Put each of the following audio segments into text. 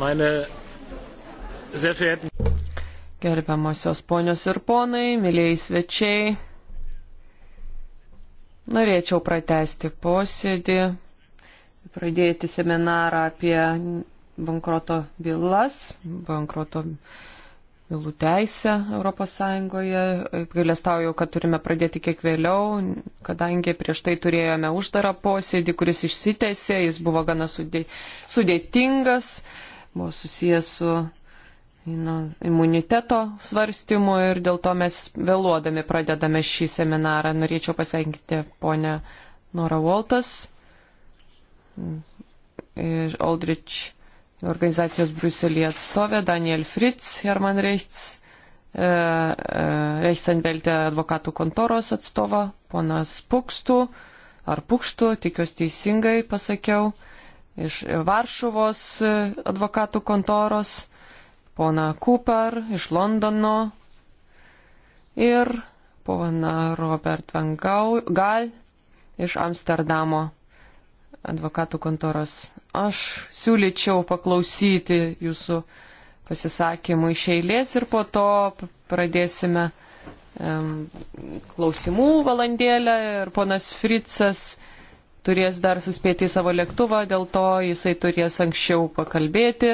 meine sehr verehrten Gerbiamosios ponios ir ponai, mėlyjei svečiai, norėčiau pratesti posėdį, pradėti seminarą apie bankroto bylas, bankroto bylų teisę ES. Gailestauju, kad turime pradėti kiek vėliau, kadangi prieš tai turėjome uždarą posėdį, kuris išsitėsė, jis buvo gana sudėtingas. Sudė buvo susijęs su nu, imuniteto svarstymu ir dėl to mes vėluodami pradedame šį seminarą. Norėčiau pasveikinti ponę Nora Voltas iš Aldrich organizacijos Bruselėje atstovė Daniel Fritz, Herman Rechts, e, e, Reichsenbelte advokatų kontoros atstovą, ponas Pukstų, ar Pukštų, tikiuosi teisingai pasakiau, iš Varšuvos e, advokatų kontoros, pona Cooper iš Londono ir pona Robert Van Gaal iš Amsterdamo advokatų kontoros. Aš siūlyčiau paklausyti jūsų pasisakymų iš eilės ir po to pradėsime um, klausimų valandėlę ir ponas Fritzas turės dar suspėti į savo lėktuvą, dėl to jisai turės anksčiau pakalbėti.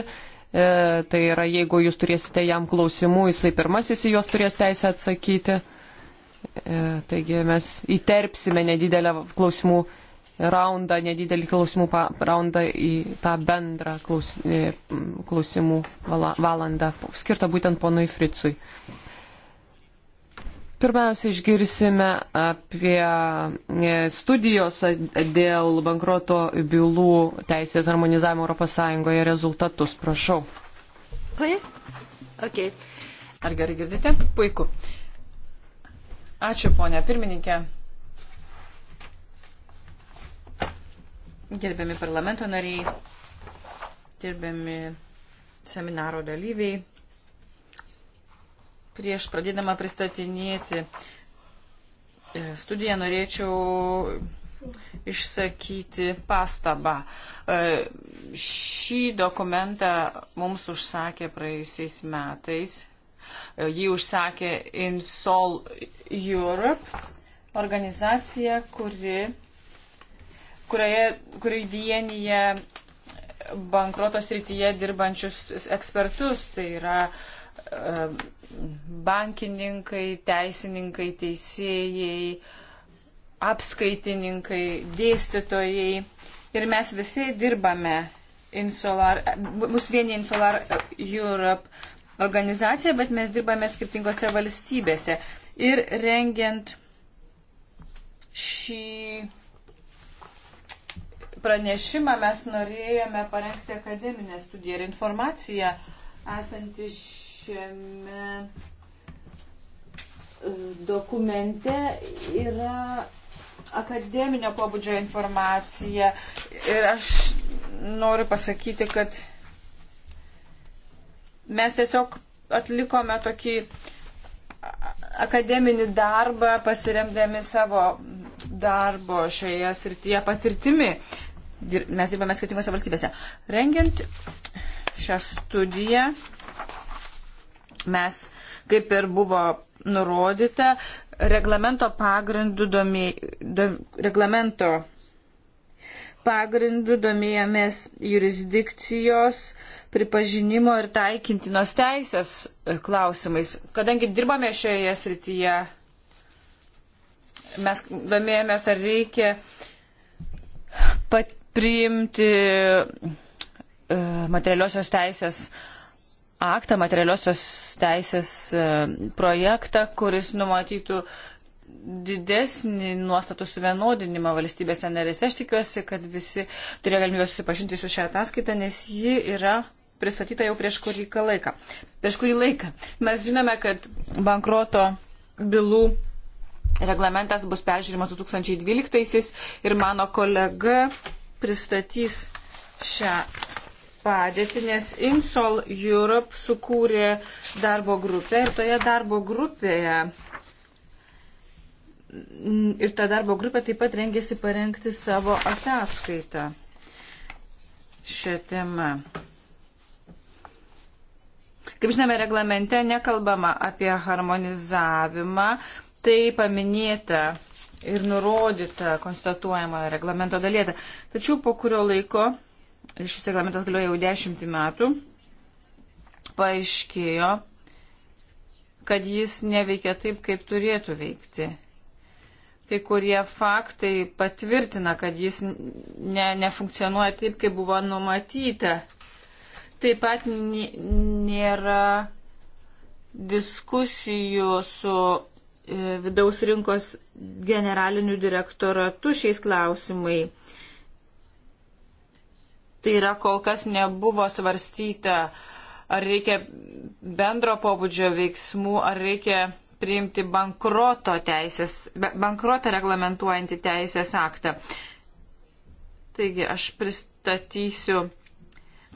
E, tai yra, jeigu jūs turėsite jam klausimų, jisai pirmasis į juos turės teisę atsakyti. E, taigi mes įterpsime nedidelę klausimų raundą, nedidelį klausimų pa, raundą į tą bendrą klaus, e, klausimų vala, valandą, skirtą būtent ponui Fricui. Pirmiausia, išgirsime apie e, studijos dėl bankroto bylų teisės harmonizavimo ES rezultatus. Prašau. Okay. Ar gerai girdite? Puiku. Ačiū, ponia pirmininkė. Gerbiami parlamento nariai, gerbiami seminaro dalyviai, Prieš pradėdama pristatinėti e, studiją norėčiau išsakyti pastabą. E, šį dokumentą mums užsakė praėjusiais metais. E, jį užsakė Insol Europe, organizacija, kuri, kurioje, kuri vienyje bankroto srityje dirbančius ekspertus. Tai yra uh, bankininkai, teisininkai, teisėjai, apskaitininkai, dėstytojai. Ir mes visi dirbame Insolar, mus vienyje Insolar Europe organizacija, bet mes dirbame skirtingose valstybėse. Ir rengiant šį pranešimą mes norėjome parengti akademinę studiją ir informaciją esanti iš šiame e, dokumente yra akademinio pobūdžio informacija ir aš noriu pasakyti, kad mes tiesiog atlikome tokį akademinį darbą pasiremdami savo darbo šioje srityje patirtimi. Mes dirbame skirtingose valstybėse. Rengiant šią studiją Mes, kaip ir buvo nurodyta, reglamento pagrindu, domė, do, reglamento pagrindu domėjomės jurisdikcijos pripažinimo ir taikintinos teisės e, klausimais. Kadangi dirbame šioje srityje, mes domėjomės, ar reikia pat priimti e, materialiosios teisės uh, aktą, materialiosios teisės e, projektą, kuris numatytų didesnį nuostatų suvienodinimą valstybėse narėse. Aš tikiuosi, kad visi turėjo galimybę susipažinti su šią ataskaitą, nes ji yra pristatyta jau prieš kurį laiką. Prieš kurį laiką. Mes žinome, kad bankroto bylų reglamentas bus peržiūrimas 2012 ir mano kolega pristatys šią padėtį, nes Insol Europe sukūrė darbo grupę ir toje darbo grupėje ir ta darbo grupė taip pat rengėsi parengti savo ataskaitą šią temą. Kaip žinome, reglamente nekalbama apie harmonizavimą, tai paminėta ir nurodyta konstatuojamoje reglamento dalyje. Tačiau po kurio laiko šis reglamentas galioja jau dešimtį metų, paaiškėjo, kad jis neveikia taip, kaip turėtų veikti. Kai kurie faktai patvirtina, kad jis ne, nefunkcionuoja taip, kaip buvo numatyta. Taip pat nėra diskusijų su e, vidaus rinkos generaliniu direktoratu šiais klausimai. Tai yra kol kas nebuvo svarstyta, ar reikia bendro pobūdžio veiksmų, ar reikia priimti bankroto teisės, bankrotą reglamentuojantį teisės aktą. Taigi aš pristatysiu,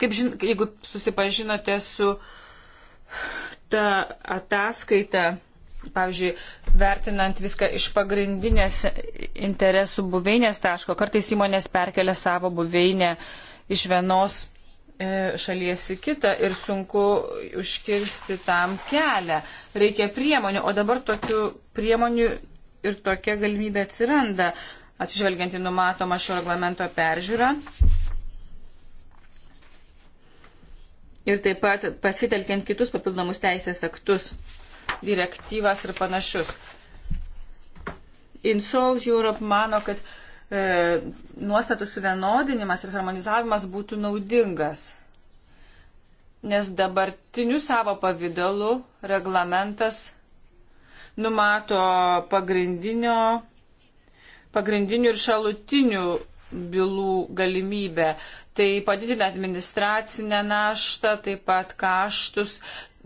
kaip žin, jeigu susipažinote su ta ataskaita, pavyzdžiui, vertinant viską iš pagrindinės interesų buveinės taško, kartais įmonės perkelia savo buveinę uh, iš vienos e, šalies į kitą ir sunku užkirsti tam kelią. Reikia priemonių, o dabar tokių priemonių ir tokia galimybė atsiranda, atsižvelgiant į numatomą šio reglamento peržiūrą. Ir taip pat pasitelkiant kitus papildomus teisės aktus, direktyvas ir panašius. Insol Europe mano, kad e, nuostatų suvienodinimas ir harmonizavimas būtų naudingas. Nes dabartiniu savo pavydalu reglamentas numato pagrindinio, pagrindinių ir šalutinių bylų galimybę. Tai padidina administracinę naštą, taip pat kaštus,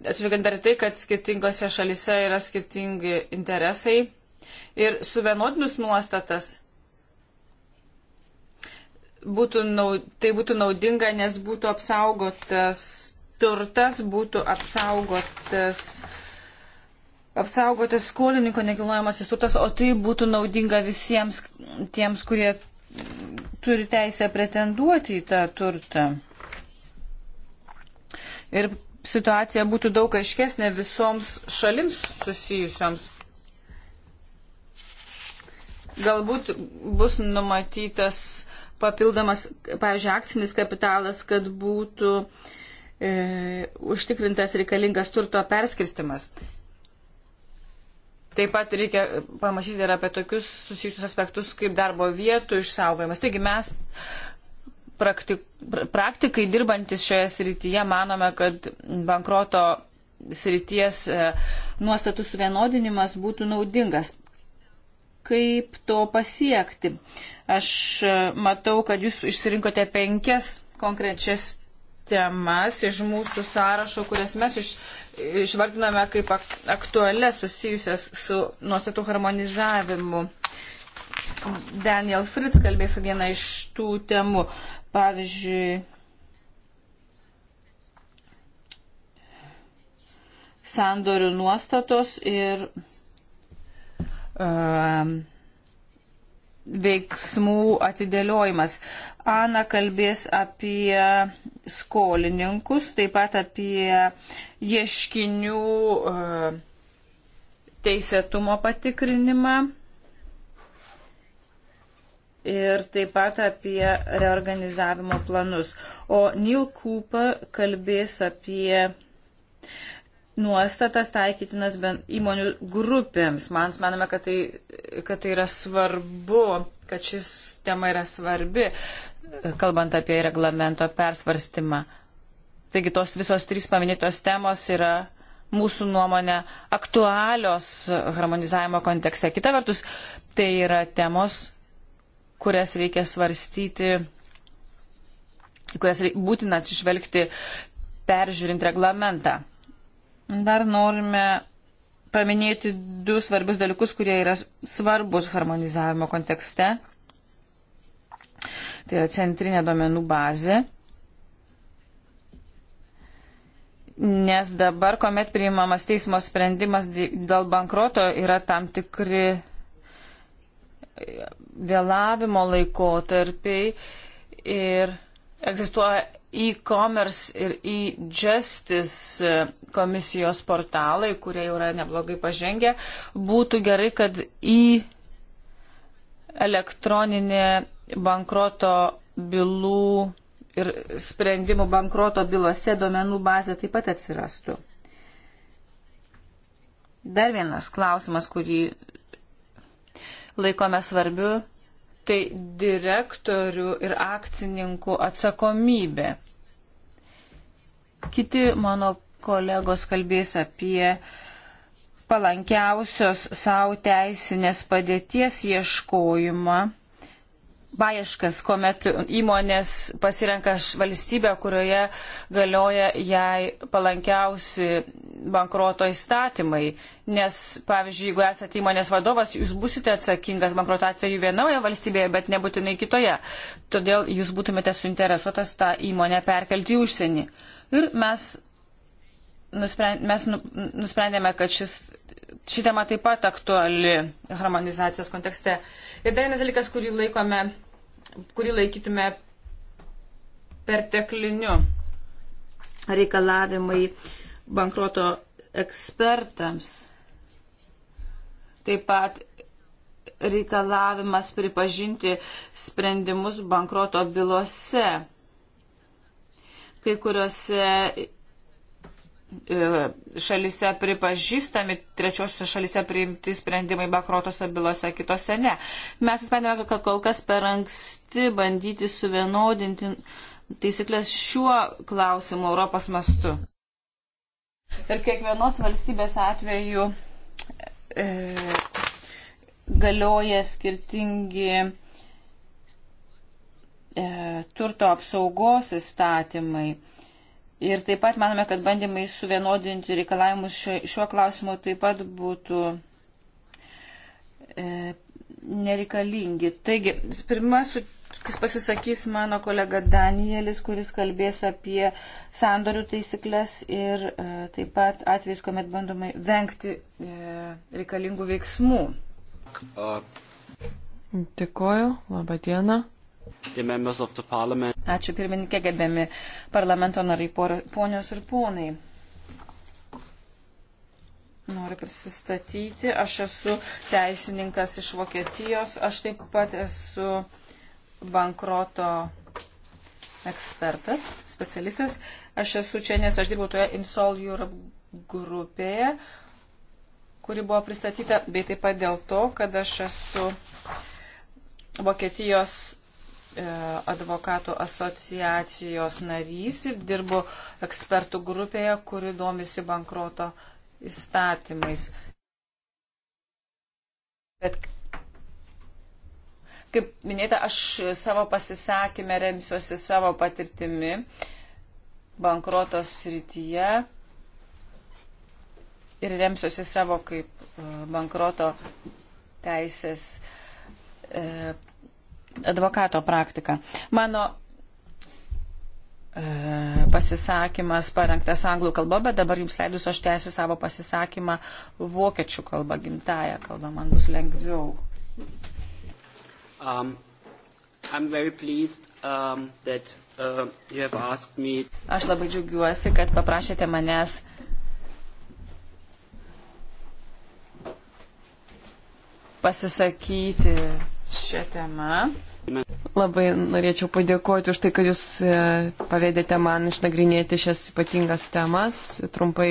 atsižvelgiant dar tai, kad skirtingose šalise yra skirtingi interesai. Ir suvienodinus nuostatas būtų naud, tai būtų naudinga, nes būtų apsaugotas turtas, būtų apsaugotas, apsaugotas skolininko nekilnojamasis turtas, o tai būtų naudinga visiems tiems, kurie turi teisę pretenduoti į tą turtą. Ir situacija būtų daug aiškesnė visoms šalims susijusioms galbūt bus numatytas papildomas, pažiūrėjau, akcinis kapitalas, kad būtų e, užtikrintas reikalingas turto perskirstimas. Taip pat reikia pamašyti ir apie tokius susijusius aspektus kaip darbo vietų išsaugojimas. Taigi mes praktik, praktikai dirbantis šioje srityje manome, kad bankroto srities e, nuostatų suvienodinimas būtų naudingas. Kaip to pasiekti? Aš e, matau, kad jūs išsirinkote penkias konkrečias temas iš mūsų sąrašo, kurias mes iš, išvardiname kaip aktualias susijusias su nuostatų harmonizavimu. Daniel Fritz kalbės vieną iš tų temų. Pavyzdžiui, sandorių nuostatos ir uh, um, veiksmų atidėliojimas. Ana kalbės apie skolininkus, taip pat apie ieškinių e, teisėtumo patikrinimą ir taip pat apie reorganizavimo planus. O Neil Cooper kalbės apie nuostatas taikytinas įmonių grupėms. Man manome, kad tai, kad tai yra svarbu, kad šis tema yra svarbi, kalbant apie reglamento persvarstymą. Taigi tos visos trys paminėtos temos yra mūsų nuomonė aktualios harmonizavimo kontekste. Kita vertus, tai yra temos, kurias reikia svarstyti, kurias būtina atsižvelgti peržiūrint reglamentą. Dar norime paminėti du svarbius dalykus, kurie yra svarbus harmonizavimo kontekste. Tai yra centrinė domenų bazė. Nes dabar, kuomet priimamas teismo sprendimas dėl bankroto, yra tam tikri vėlavimo laikotarpiai ir egzistuoja e-commerce ir e-justice komisijos portalai, kurie jau yra neblogai pažengę, būtų gerai, kad į elektroninę bankroto bylų ir sprendimų bankroto bylose duomenų bazė taip pat atsirastų. Dar vienas klausimas, kurį laikome svarbiu, tai direktorių ir akcininkų atsakomybė. Kiti mano Kolegos kalbės apie palankiausios savo teisinės padėties ieškojimą paieškas, kuomet įmonės pasirenka valstybę, kurioje galioja jai palankiausi bankroto įstatymai. Nes, pavyzdžiui, jeigu esate įmonės vadovas, jūs busite atsakingas bankroto atveju vienoje valstybėje, bet nebūtinai kitoje. Todėl jūs būtumėte suinteresuotas tą įmonę perkelti į užsienį. Ir mes nusprend, mes nu, nusprendėme, kad šis, ši tema taip pat aktuali harmonizacijos kontekste. Ir dar vienas dalykas, kurį, laikome, kurį laikytume pertekliniu reikalavimai bankroto ekspertams. Taip pat reikalavimas pripažinti sprendimus bankroto bylose. Kai kuriuose E, šalise pripažįstami, trečiosios šalise priimti sprendimai bakrotose bylose, kitose ne. Mes įspėdėme, kad kol kas per anksti bandyti suvienodinti taisyklės šiuo klausimu Europos mastu. Ir kiekvienos valstybės atveju e, galioja skirtingi e, turto apsaugos įstatymai. E, Ir taip pat manome, kad bandymai suvienodinti reikalavimus šiuo, šiuo klausimu taip pat būtų e, nereikalingi. Taigi, pirmasis pasisakys mano kolega Danielis, kuris kalbės apie sandorių taisyklės ir e, taip pat atvejus, kuomet bandomai vengti e, reikalingų veiksmų. Dėkoju, laba diena. Ačiū pirmininkė, gerbiami parlamento nariai, ponios ir ponai. Noriu prisistatyti. Aš esu teisininkas iš Vokietijos. Aš taip pat esu bankroto ekspertas, specialistas. Aš esu čia, nes aš dirbau toje Insol Europe grupėje, kuri buvo pristatyta, bei taip pat dėl to, kad aš esu Vokietijos E, advokatų asociacijos narys ir dirbu ekspertų grupėje, kuri domisi bankroto įstatymais. Bet kaip minėta, aš savo pasisakymę remsiuosi savo patirtimi bankroto srityje ir remsiuosi savo kaip e, bankroto teisės e, advokato praktiką. Mano e, pasisakymas parengtas anglų kalba, bet dabar jums leidus aš tęsiu savo pasisakymą vokiečių kalba, gimtają kalbą, man bus lengviau. Um, pleased, um, that, uh, me... Aš labai džiaugiuosi, kad paprašėte manęs pasisakyti šią temą. Labai norėčiau padėkoti už tai, kad jūs e, pavėdėte man išnagrinėti šias ypatingas temas. Trumpai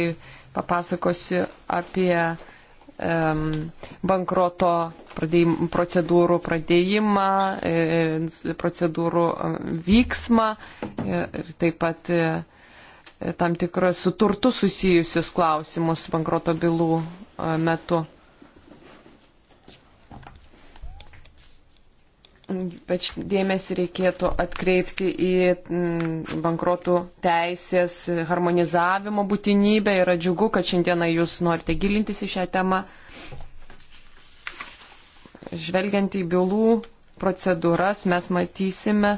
papasakosiu apie um, bankroto pradėjim, procedūrų pradėjimą, e, e, procedūrų vyksmą ir taip pat tam tikras su turtu susijusius klausimus bankroto bylų metu. Ypač dėmesį reikėtų atkreipti į mm, bankrotų teisės harmonizavimo būtinybę. Yra džiugu, kad šiandieną jūs norite gilintis į šią temą. Žvelgiant į bylų procedūras, mes matysime,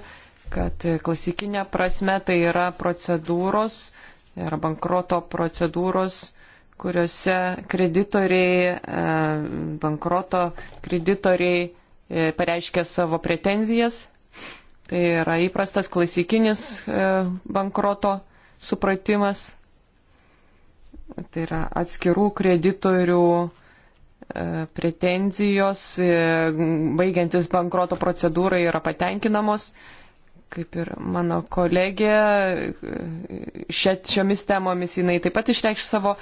kad klasikinė prasme tai yra procedūros, tai yra bankroto procedūros kuriuose kreditoriai, e, bankroto kreditoriai E, pareiškė savo pretenzijas. Tai yra įprastas klasikinis e, bankroto supratimas. Tai yra atskirų kreditorių e, pretenzijos, baigiantis bankroto procedūrai, yra patenkinamos. Kaip ir mano kolegė, šiomis temomis jinai taip pat išreikš savo,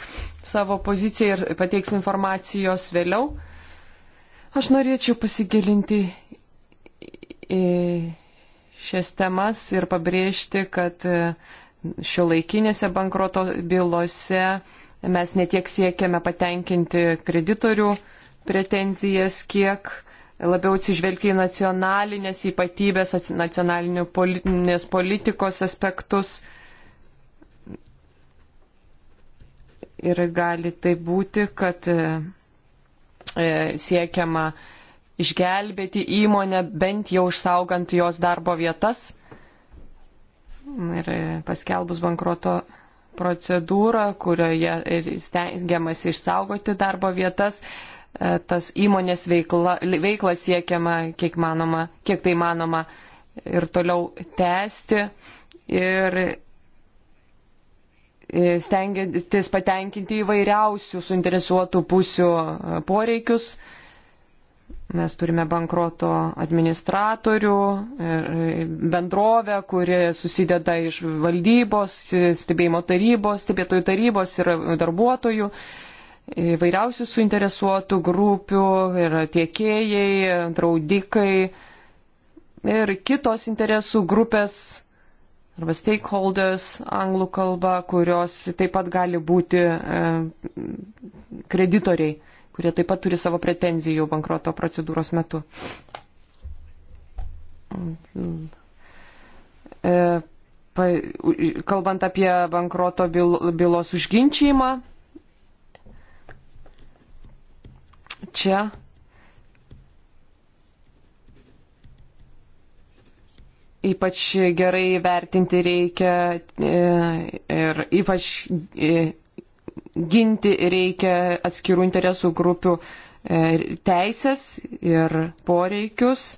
savo poziciją ir pateiks informacijos vėliau. Aš norėčiau pasigilinti į šias temas ir pabrėžti, kad e, šio laikinėse bankroto bylose mes netiek siekiame patenkinti kreditorių pretenzijas, kiek labiau atsižvelgti į nacionalinės ypatybės, nacionalinės politikos aspektus. Ir gali tai būti, kad e, E, siekiama išgelbėti įmonę, bent jau išsaugant jos darbo vietas ir e, paskelbus bankroto procedūrą, kurioje ir stengiamas išsaugoti darbo vietas, e, tas įmonės veikla, veikla siekiama, kiek, manoma, kiek tai manoma, ir toliau tęsti. Ir E, stengiantis patenkinti įvairiausių suinteresuotų pusių e, poreikius. Mes turime bankroto administratorių, e, bendrovę, kuri susideda iš valdybos, stebėjimo tarybos, stebėtojų tarybos ir darbuotojų, įvairiausių suinteresuotų grupių ir tiekėjai, draudikai ir kitos interesų grupės arba stakeholders anglų kalba, kurios taip pat gali būti e, kreditoriai, kurie taip pat turi savo pretenzijų bankroto procedūros metu. E, kalbant apie bankroto bylos užginčymą, čia ypač gerai vertinti reikia e, ir ypač e, ginti reikia atskirų interesų grupių e, teisės ir poreikius.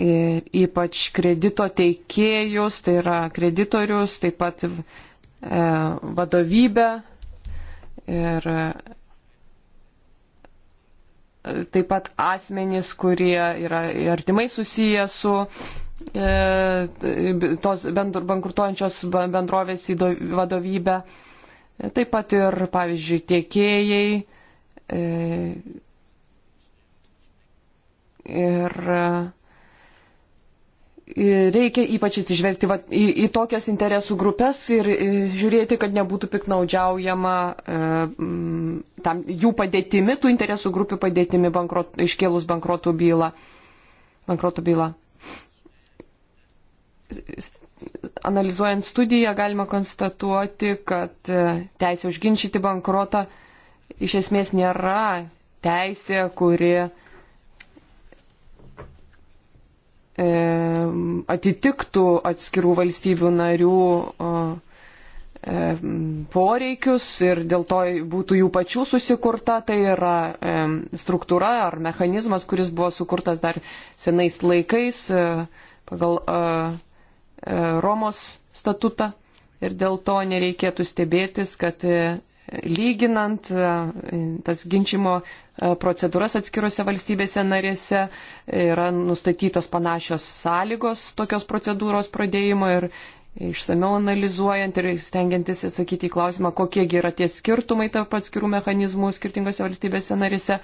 Ir ypač kredito teikėjus, tai yra kreditorius, taip pat vadovybę ir taip pat asmenys, kurie yra artimai susiję su e, tos bendru, bankrutuojančios bendrovės vadovybę, e, taip pat ir, pavyzdžiui, tiekėjai. E, ir reikia ypač atsižvelgti va, į, į tokias interesų grupės ir, ir e, žiūrėti, kad nebūtų piknaudžiaujama e, tam, jų padėtimi, tų interesų grupių padėtimi bankrot, iškėlus bankrotų bylą. Bankrotų bylą. Analizuojant studiją galima konstatuoti, kad e, teisė užginčyti bankrotą iš esmės nėra teisė, kuri E, atitiktų atskirų valstybių narių e, poreikius ir dėl to būtų jų pačių susikurta, tai yra e, struktūra ar mechanizmas, kuris buvo sukurtas dar senais laikais pagal Romos statutą ir dėl to nereikėtų stebėtis, kad lyginant e, tas ginčimo e, procedūras atskiruose valstybėse narėse, yra nustatytos panašios sąlygos tokios procedūros pradėjimo ir išsameu analizuojant ir stengiantis atsakyti į klausimą, kokiegi yra tie skirtumai tarp atskirų mechanizmų skirtingose valstybėse narėse.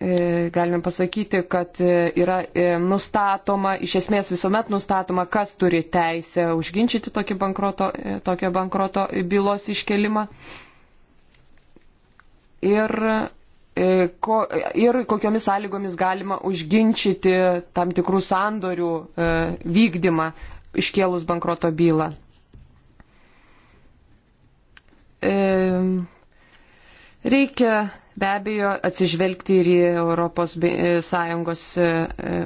E, galime pasakyti, kad e, yra e, nustatoma, iš esmės visuomet nustatoma, kas turi teisę užginčyti tokį bankroto, tokio bankroto bylos iškelimą. Ir, ko, ir kokiomis sąlygomis galima užginčyti tam tikrų sandorių vykdymą iškėlus bankroto bylą. Reikia be abejo atsižvelgti ir į ES e, e,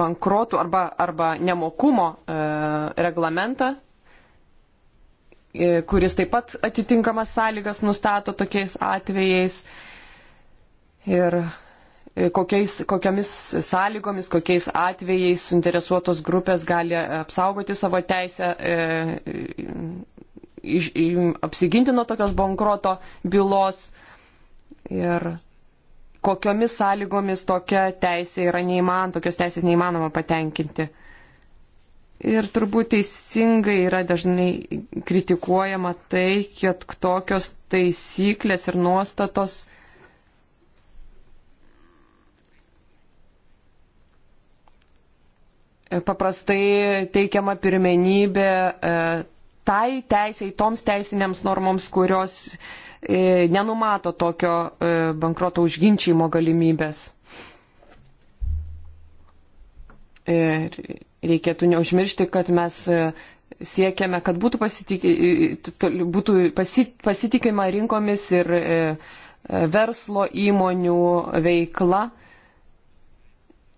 bankrotų arba, arba nemokumo e, reglamentą, kuris taip pat atitinkamas sąlygas nustato tokiais atvejais. Ir kokiais, kokiamis sąlygomis, kokiais atvejais suinteresuotos grupės gali apsaugoti savo teisę e, iš, apsiginti nuo tokios bankroto bylos ir kokiomis sąlygomis tokia teisė yra neįmanoma, tokios teisės neįmanoma patenkinti. Ir turbūt teisingai yra dažnai kritikuojama tai, kad tokios taisyklės ir nuostatos paprastai teikiama pirmenybė e, tai teisiai, toms teisinėms normoms, kurios E, nenumato tokio e, bankroto užginčymo galimybės. Ir e, reikėtų neužmiršti, kad mes siekiame, kad būtų, pasitikė, būtų pasitikima rinkomis ir verslo įmonių veikla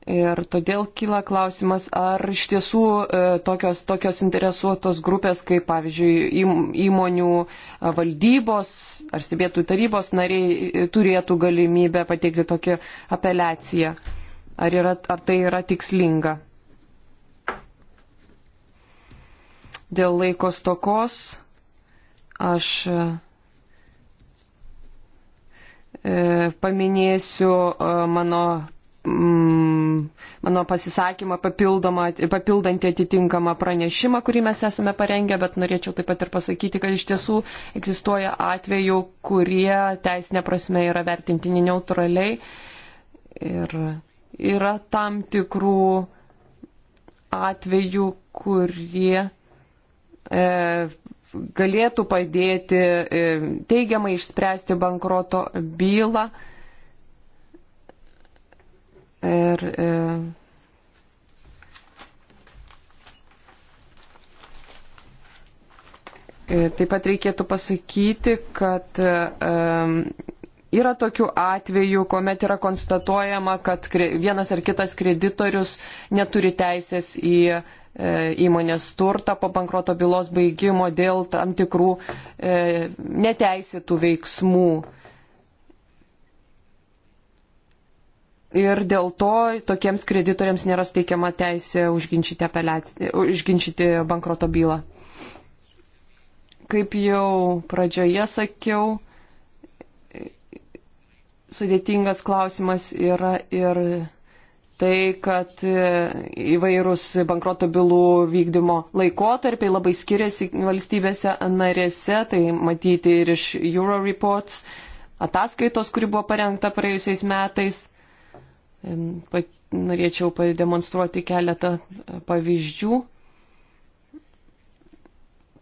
Ir todėl kyla klausimas, ar iš tiesų e, tokios, tokios interesuotos grupės, kaip pavyzdžiui įmonių e, valdybos ar stebėtų tarybos nariai, e, turėtų galimybę pateikti tokią apeliaciją. Ar, yra, ar tai yra tikslinga? Dėl laikos tokos aš paminėsiu mano mano pasisakymą papildantį atitinkamą pranešimą, kurį mes esame parengę, bet norėčiau taip pat ir pasakyti, kad iš tiesų egzistuoja atvejų, kurie teisinė prasme yra vertintini neutraliai ir yra tam tikrų atvejų, kurie e, galėtų padėti e, teigiamai išspręsti bankroto bylą. E, Ir e, e, Taip pat reikėtų pasakyti, kad um, yra tokių atvejų, kuomet yra konstatuojama, kad vienas ar kitas kreditorius neturi teisės į e, įmonės turtą po bankroto bylos baigimo dėl tam tikrų e, neteisėtų veiksmų. E, ir dėl to tokiems kreditoriams nėra suteikiama teisė užginčyti, užginčyti bankroto bylą. Kaip jau pradžioje sakiau, sudėtingas klausimas yra ir tai, kad įvairūs bankroto bylų vykdymo laikotarpiai labai skiriasi valstybėse narėse, tai matyti ir iš Euro Reports ataskaitos, kuri buvo parengta praėjusiais metais norėčiau pademonstruoti keletą e, pavyzdžių.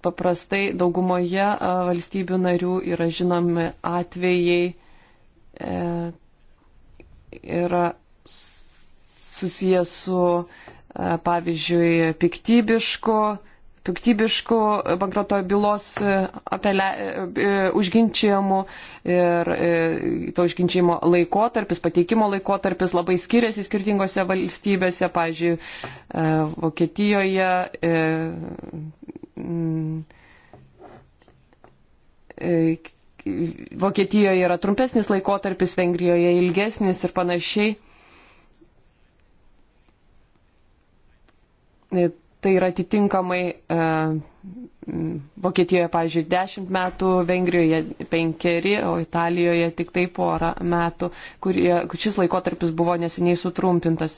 Paprastai daugumoje e, valstybių narių yra žinomi atvejai, e, yra susijęs su, pavyzdžiui, piktybiško piktybiškų bankroto bylos e, apele, užginčiamų ir e, to užginčiamo laikotarpis, pateikimo laikotarpis labai skiriasi skirtingose valstybėse, pavyzdžiui, e, Vokietijoje. Vokietijoje yra trumpesnis laikotarpis, Vengrijoje ilgesnis ir panašiai tai yra atitinkamai e, Vokietijoje, pavyzdžiui, 10 metų, Vengrijoje 5, o Italijoje tik tai porą metų, kurie, šis laikotarpis buvo neseniai sutrumpintas.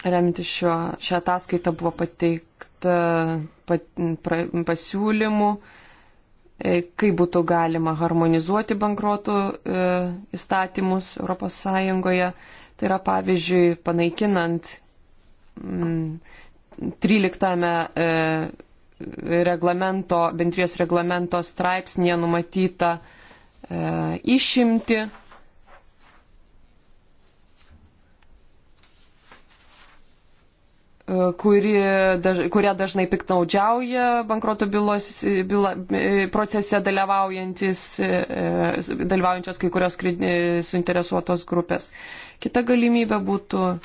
Remintis šią ataskaitą buvo pateikta pat, pra, pasiūlymų, uh, E, kaip būtų galima harmonizuoti bankruotų e, įstatymus ES. Tai yra pavyzdžiui, panaikinant 13 mm, e, reglamento, bendrijos reglamento straipsnėje numatytą išimti kuri, daž, kuria dažnai piknaudžiauja bankroto bylos byla, procese e, dalyvaujančios kai kurios e, suinteresuotos grupės. Kita galimybė būtų e,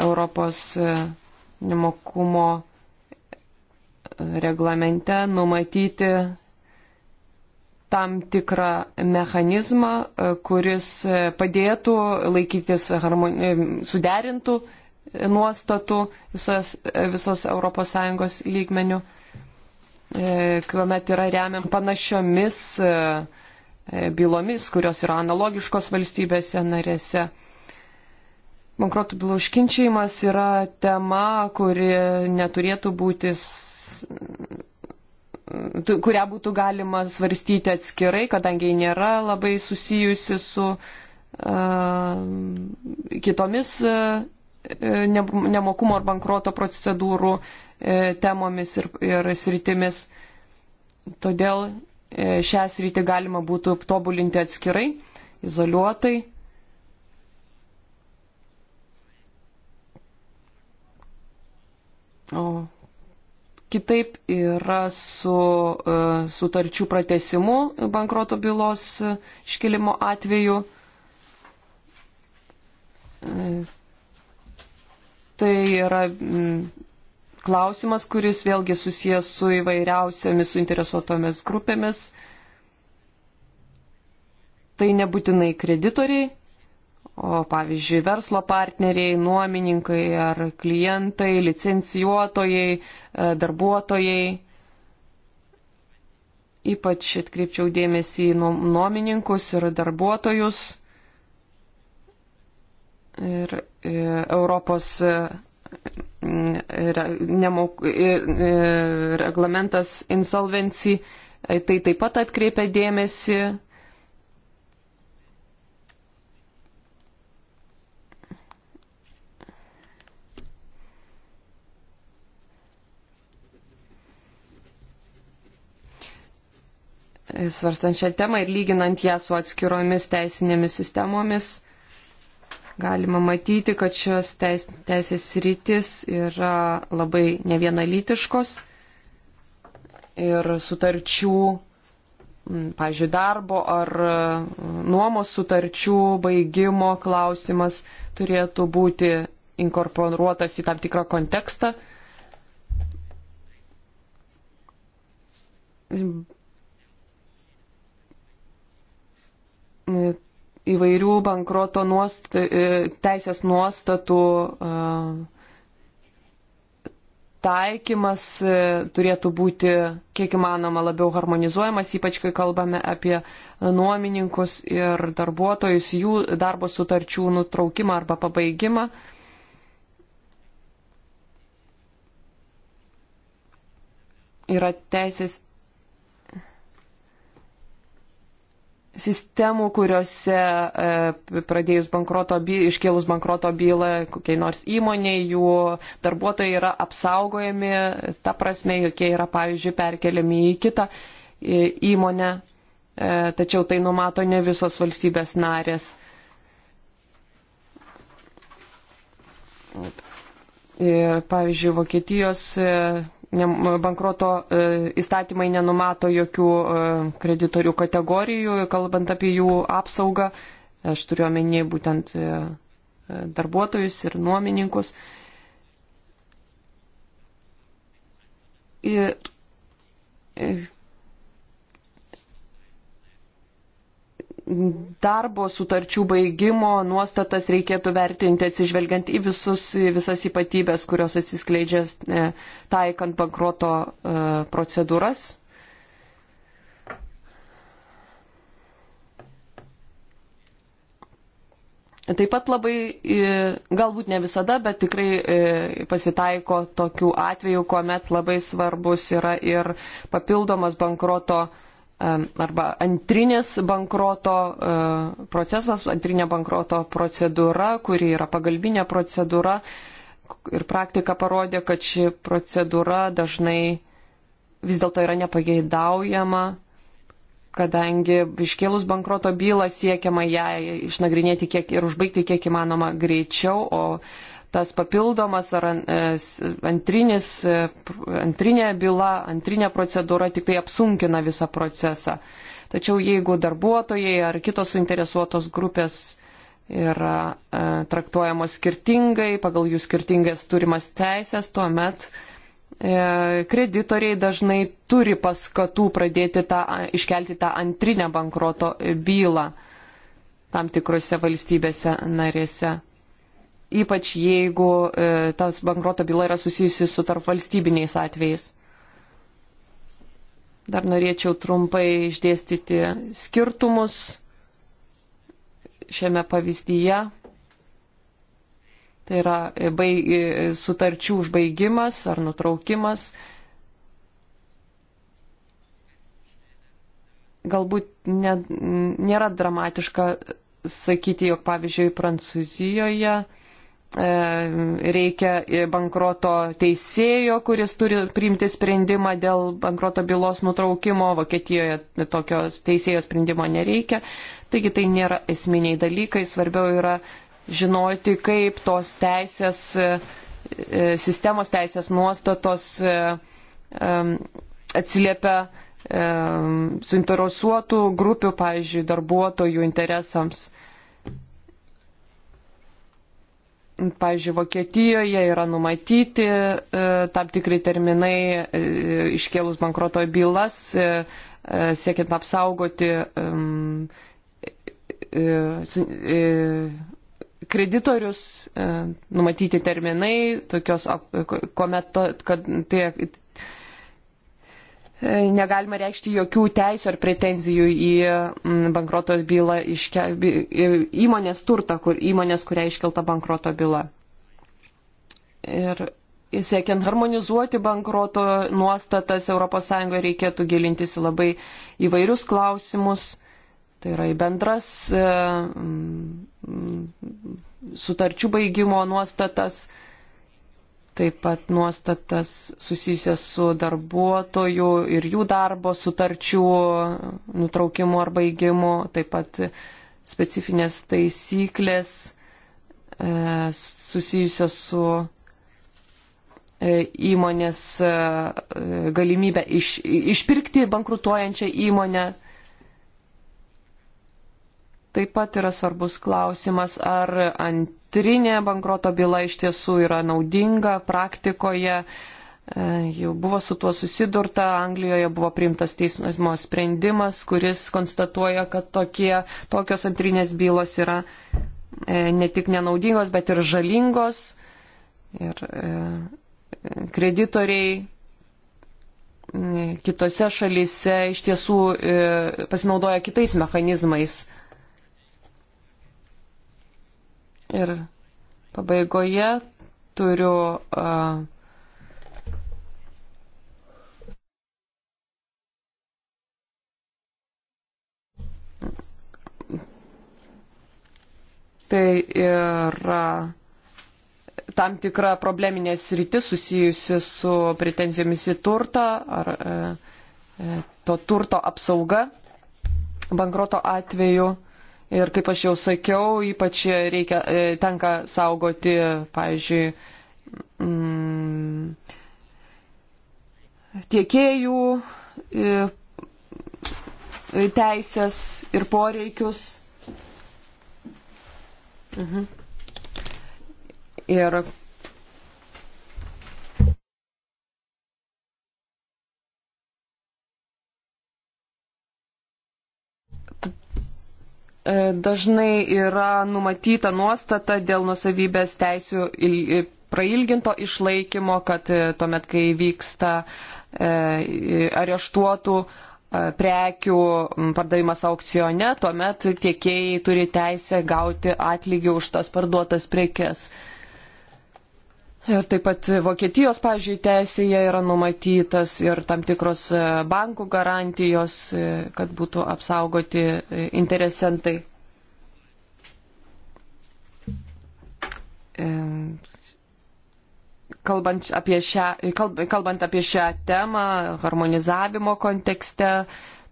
Europos nemokumo reglamente numatyti tam tikrą mechanizmą, kuris padėtų laikytis suderintų nuostatų visos, visos ES lygmenių, e, kuomet yra remiam panašiomis e, e, bylomis, kurios yra analogiškos valstybėse narėse. Bankrotų bylų užkinčiamas yra tema, kuri neturėtų būti kurią būtų galima svarstyti atskirai, kadangi ji nėra labai susijusi su uh, kitomis uh, E, nemokumo ar bankroto procedūrų e, temomis ir, ir sritimis. Todėl e, šią sritį galima būtų tobulinti atskirai, izoliuotai. O kitaip yra su sutarčių pratesimu bankroto bylos iškelimo atveju Tai yra mm, klausimas, kuris vėlgi susijęs su įvairiausiamis suinteresuotomis grupėmis. Tai nebūtinai kreditoriai, o pavyzdžiui verslo partneriai, nuomininkai ar klientai, licencijuotojai, e, darbuotojai. Ypač atkreipčiau dėmesį į nuomininkus ir darbuotojus ir e, Europos e, nemauk, e, reglamentas insolvency tai taip pat atkreipia dėmesį. Svarstant šią temą ir lyginant ją su atskiromis teisinėmis sistemomis, galima matyti, kad šios teis, teisės rytis yra labai nevienalytiškos ir sutarčių, pažiūrėjau, darbo ar nuomos sutarčių baigimo klausimas turėtų būti inkorporuotas į tam tikrą kontekstą įvairių bankroto nuost, e, teisės nuostatų e, taikymas e, turėtų būti kiek įmanoma labiau harmonizuojamas, ypač kai kalbame apie nuomininkus ir darbuotojus, jų darbo sutarčių nutraukimą arba pabaigimą. Yra teisės sistemų, kuriuose e, pradėjus bankroto, iškėlus bankroto bylą kokiai nors įmoniai, jų darbuotojai yra apsaugojami, ta prasme, jokie yra, pavyzdžiui, perkeliami į kitą įmonę, e, tačiau tai numato ne visos valstybės narės. Ir, pavyzdžiui, Vokietijos e, bankroto e, įstatymai nenumato jokių e, kreditorių kategorijų, kalbant apie jų apsaugą. Aš turiu omeny būtent e, darbuotojus ir nuomininkus. Ir darbo sutarčių baigimo nuostatas reikėtų vertinti atsižvelgiant į visus, visas ypatybės, kurios atsiskleidžia e, taikant bankroto e, procedūras. Taip pat labai, e, galbūt ne visada, bet tikrai pasitaiko tokių atvejų, kuomet labai svarbus yra ir papildomas bankroto procedūras arba antrinis bankroto e, procesas, antrinė bankroto procedūra, kuri yra pagalbinė procedūra. Ir praktika parodė, kad ši procedūra dažnai vis dėlto yra nepageidaujama, kadangi iškėlus bankroto bylą siekiama ją išnagrinėti kiek ir užbaigti kiek įmanoma greičiau, o tas papildomas ar e, antrinis, e, antrinė byla, antrinė procedūra tik tai apsunkina visą procesą. Tačiau jeigu darbuotojai ar kitos suinteresuotos grupės yra e, traktuojamos skirtingai, pagal jų skirtingas turimas teisės, tuomet e, kreditoriai dažnai turi paskatų pradėti tą, iškelti tą antrinę bankroto bylą tam tikrose valstybėse narėse ypač jeigu e, tas bankruoto byla yra susijusi su tarpvalstybiniais atvejais. Dar norėčiau trumpai išdėstyti skirtumus šiame pavyzdyje. Tai yra e, baig, e, sutarčių užbaigimas ar nutraukimas. Galbūt ne, nėra dramatiška sakyti, jog pavyzdžiui Prancūzijoje E, reikia bankroto teisėjo, kuris turi priimti sprendimą dėl bankroto bylos nutraukimo, Vokietijoje tokios teisėjo sprendimo nereikia. Taigi tai nėra esminiai dalykai, svarbiau yra žinoti, kaip tos teisės, e, e, sistemos teisės nuostatos atsiliepia suinteresuotų grupių, pavyzdžiui, darbuotojų interesams. Pavyzdžiui, Vokietijoje yra numatyti e, tam tikri terminai e, iškėlus bankroto bylas, e, e, siekiant apsaugoti e, e, kreditorius, e, numatyti terminai, tokios, kuomet to, kad tie E, negalima reikšti jokių teisų ar pretenzijų į mm, bankroto bylą iške, įmonės turtą, kur įmonės, kuria iškelta bankroto byla. Ir siekiant harmonizuoti bankroto nuostatas ES reikėtų gilintis į labai įvairius klausimus, tai yra į bendras e, mm, mm, sutarčių baigimo nuostatas, taip pat nuostatas susijusias su darbuotojų ir jų darbo sutarčių nutraukimu ar baigimu, taip pat specifinės taisyklės e, susijusios su e, įmonės e, galimybę iš, išpirkti bankrutuojančią įmonę. Taip pat yra svarbus klausimas, ar ant antrinė bankroto byla iš tiesų yra naudinga praktikoje. E, jau buvo su tuo susidurta, Anglijoje buvo priimtas teismo sprendimas, kuris konstatuoja, kad tokie, tokios antrinės bylos yra e, ne tik nenaudingos, bet ir žalingos. Ir e, kreditoriai kitose šalyse iš tiesų pasinaudoja kitais mechanizmais Ir pabaigoje turiu. Uh, tai yra tam tikra probleminė sritis susijusi su pretenzijomis į turtą ar e, e to turto apsauga bankroto atveju. Ir kaip aš jau sakiau, ypač reikia, e, tenka saugoti, pavyzdžiui, mm, tiekėjų e, teisės ir poreikius. Mhm. Ir E, dažnai yra numatyta nuostata dėl nusavybės teisių prailginto išlaikymo, kad e, tuomet, kai vyksta e, areštuotų prekių pardavimas aukcione, tuomet tiekėjai turi teisę gauti atlygį už tas parduotas prekes. Ir taip pat Vokietijos, pavyzdžiui, teisėje yra numatytas ir tam tikros e, bankų garantijos, e, kad būtų apsaugoti e, interesentai. Kalbant apie, šią, kalb, kalbant apie šią temą harmonizavimo kontekste,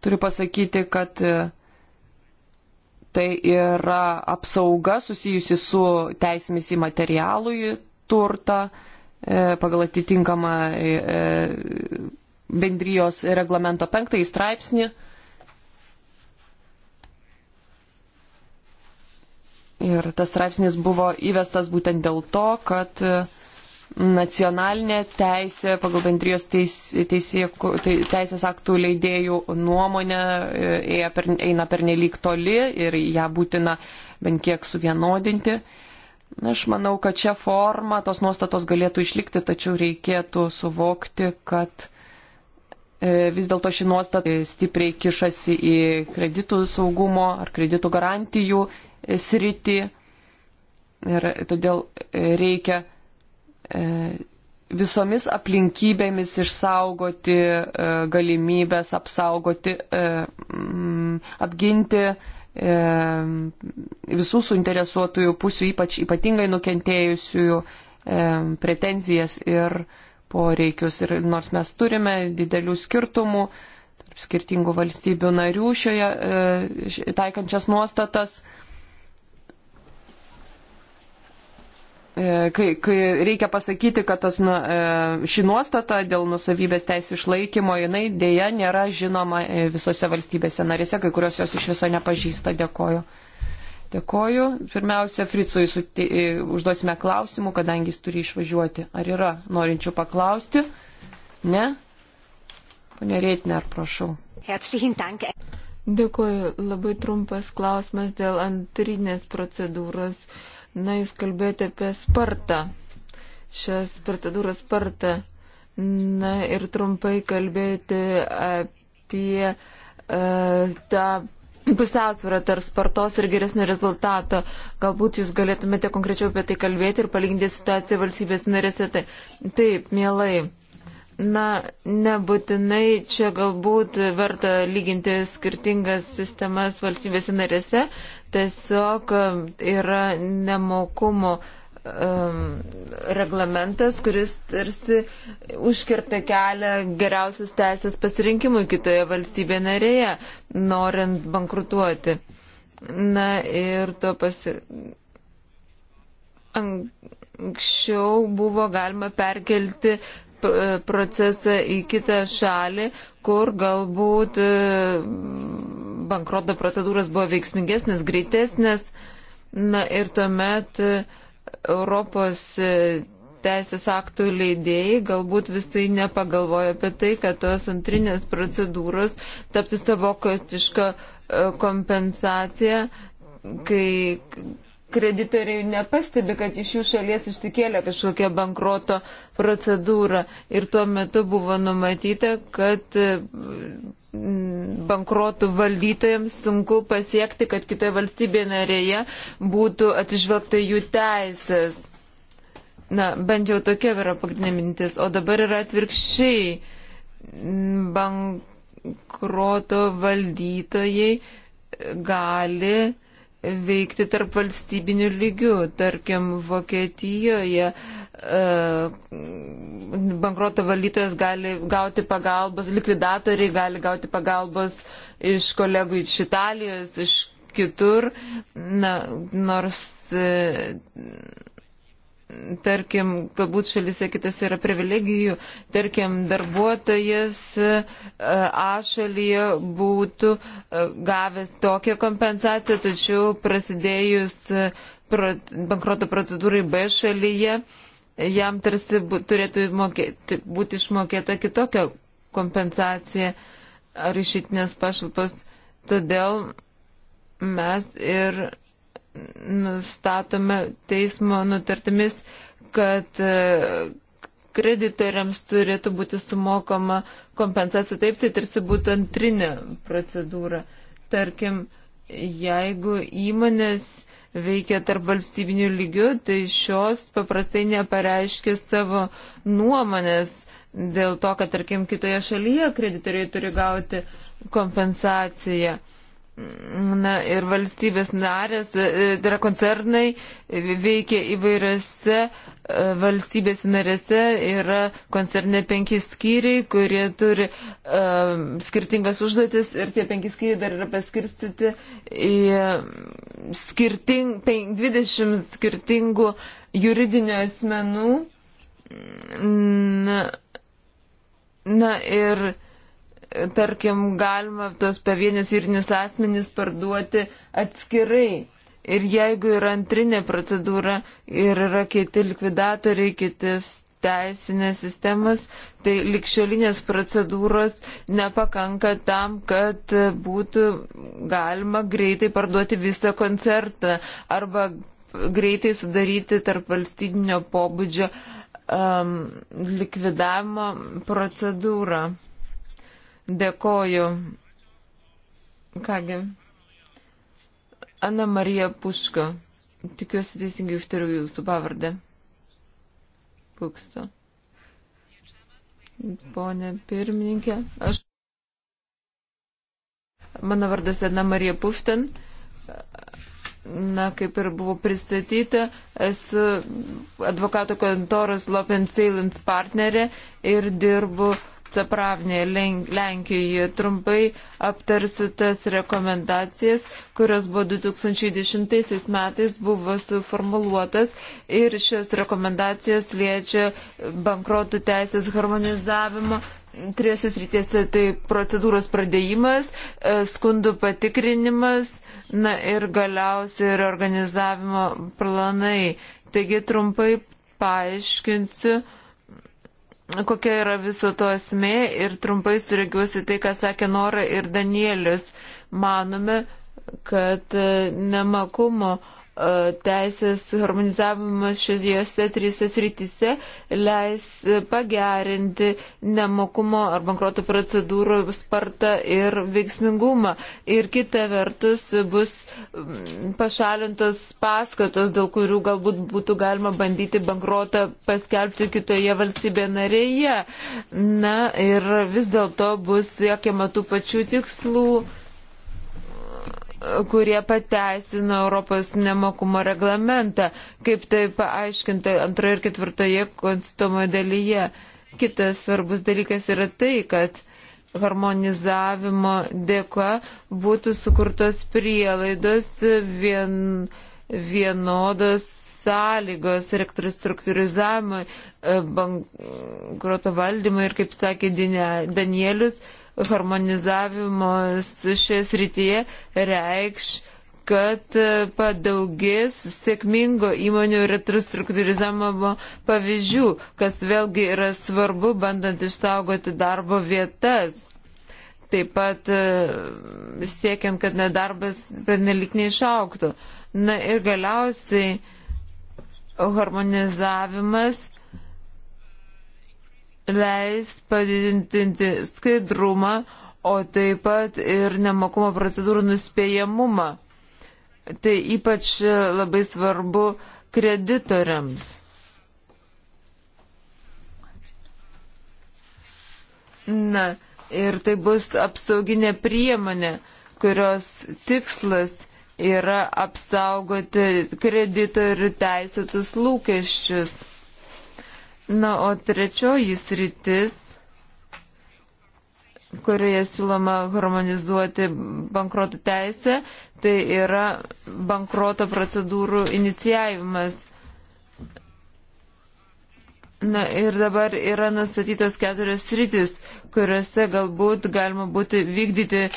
turiu pasakyti, kad tai yra apsauga susijusi su teisėmis į materialų turtą e, pagal atitinkamą e, e, bendrijos reglamento penktąjį straipsnį. Ir tas straipsnis buvo įvestas būtent dėl to, kad nacionalinė teisė pagal bendrijos teis, teisė, teisės aktų leidėjų nuomonė eina per, eina per nelik toli ir ją būtina bent kiek suvienodinti. Aš manau, kad čia forma tos nuostatos galėtų išlikti, tačiau reikėtų suvokti, kad e, vis dėlto ši nuostata stipriai kišasi į kreditų saugumo ar kreditų garantijų e, sritį. Ir todėl e, reikia visomis aplinkybėmis išsaugoti galimybės, apsaugoti, apginti E, visų suinteresuotųjų pusių, ypač ypatingai nukentėjusiųjų e, pretenzijas ir poreikius. Ir nors mes turime didelių skirtumų tarp skirtingų valstybių narių šioje e, taikančias nuostatas, E, kai, kai reikia pasakyti, kad tas, nu, e, ši nuostata dėl nusavybės teisų išlaikymo, jinai dėja nėra žinoma e, visose valstybėse narėse, kai kurios jos iš viso nepažįsta. Dėkoju. Dėkoju. Pirmiausia, Fricui sutė, užduosime klausimų, kadangi jis turi išvažiuoti. Ar yra norinčių paklausti? Ne? Pane Reitner, prašau. Dėkuoju. Labai trumpas klausimas dėl antrinės procedūros. Uh, Na, jūs kalbėjote apie spartą, šios procedūros spartą. Na ir trumpai kalbėjote apie e, tą pusiausvyrą tarp spartos ir geresnio rezultato. Galbūt jūs galėtumėte konkrečiau apie tai kalbėti ir palyginti situaciją valstybės narėse. Tai, taip, mielai. Na, nebūtinai čia galbūt verta lyginti skirtingas sistemas valstybėse narėse, tiesiog um, yra nemokumo um, reglamentas, kuris tarsi užkirta kelią geriausius teisės pasirinkimui kitoje valstybėje narėje, norint bankrutuoti. Na ir to pasi... Anksčiau buvo galima perkelti procesą į kitą šalį, kur galbūt e, bankroto procedūras buvo veiksmingesnės, greitesnės. Na ir tuomet e, Europos e, teisės aktų leidėjai galbūt visai nepagalvojo apie tai, kad tos antrinės procedūros tapti savokotišką kompensaciją, kai kreditoriai nepastebi, kad iš jų šalies išsikėlė kažkokia bankroto procedūra. Ir tuo metu buvo numatyta, kad e, bankrotų valdytojams sunku pasiekti, kad kitoje valstybėje narėje būtų atsižvelgta jų teisės. Na, bent jau tokia yra pagrindinė mintis. O dabar yra atvirkščiai. Bankroto valdytojai gali veikti tarp valstybinių lygių. Tarkim, Vokietijoje e, bankruoto valytojas gali gauti pagalbos, likvidatoriai gali gauti pagalbos iš kolegų iš Italijos, iš kitur, na, nors e, tarkim, galbūt šalise kitose yra privilegijų, tarkim, darbuotojas e, A šalyje būtų e, gavęs tokią kompensaciją, tačiau prasidėjus e, bankroto procedūrai B šalyje, jam tarsi turėtų mokėti, būti išmokėta kitokia kompensacija ar išeitinės pašalpos. Todėl mes ir nustatome teismo nutartimis, kad e, kreditoriams turėtų būti sumokama kompensacija taip, tai tarsi būtų antrinė procedūra. Tarkim, jeigu įmonės veikia tarp valstybinių lygių, tai šios paprastai nepareiškia savo nuomonės dėl to, kad, tarkim, kitoje šalyje kreditoriai turi gauti kompensaciją. Na ir valstybės narės, e, e, tai yra koncernai, e, veikia įvairiose valstybės narėse, yra koncerne penki skyriai, kurie turi uh, skirtingas užduotis ir tie penki skyriai dar yra paskirstyti į mm, skirting, pen, 20 skirtingų juridinių asmenų. Mm, na, na ir tarkim, galima tos pavienius jūrinius asmenys parduoti atskirai. Ir jeigu yra antrinė procedūra ir yra kiti likvidatoriai, kitis teisinės sistemos, tai likščiolinės procedūros nepakanka tam, kad būtų galima greitai parduoti visą koncertą arba greitai sudaryti tarp valstybinio pobūdžio um, likvidavimo procedūrą. Dėkoju. Kągi. Ana Marija Puško. Tikiuosi teisingai ištariu jūsų pavardę. Puksto. Pone pirmininkė, aš. Mano vardas Ana Marija Pušten. Na, kaip ir buvo pristatyta, esu advokato kontoros Lopin Ceilins partnerė ir dirbu uh, Pravnė Lenkijoje. Trumpai aptarsiu tas rekomendacijas, kurios buvo 2010 metais buvo suformuluotas ir šios rekomendacijos liečia bankrotų teisės harmonizavimo. Trijose srityse tai procedūros pradėjimas, e, skundų patikrinimas na, ir galiausiai ir organizavimo planai. Taigi trumpai paaiškinsiu, kokia yra viso to esmė ir trumpai sureaguosiu tai, ką sakė Nora ir Danielius. Manome, kad e, nemakumo uh, E, teisės harmonizavimas šiose trijose srityse leis e, pagerinti nemokumo ar bankruoto procedūrų spartą ir veiksmingumą. Ir kita vertus bus mm, pašalintos paskatos, dėl kurių galbūt būtų galima bandyti bankruotą paskelbti kitoje valstybėje narėje. Na ir vis dėlto bus siekiama tų pačių tikslų kurie pateisino Europos nemokumo reglamentą, kaip tai paaiškinta antroje ir ketvirtoje konstitumo dalyje. Kitas svarbus dalykas yra tai, kad harmonizavimo dėka būtų sukurtos prielaidos vien, vienodos sąlygos restruktūrizavimui, e, bankruoto valdymui ir, kaip sakė Danielius, harmonizavimas šioje srityje reikš, kad padaugės sėkmingo įmonių retrostruktūrizavimo pavyzdžių, kas vėlgi yra svarbu, bandant išsaugoti darbo vietas. Taip pat e, siekiant, kad nedarbas pernelik neišauktų. Na ir galiausiai harmonizavimas leis padidinti skaidrumą, o taip pat ir nemokumo procedūrų nuspėjamumą. Tai ypač labai svarbu kreditoriams. Na, ir tai bus apsauginė priemonė, kurios tikslas yra apsaugoti kreditorių teisėtus lūkesčius. Na, o trečioji sritis, kurioje siūloma harmonizuoti bankruoto teisę, tai yra bankruoto procedūrų inicijavimas. Na ir dabar yra nustatytos keturios sritis, kuriuose galbūt galima būtų vykdyti e,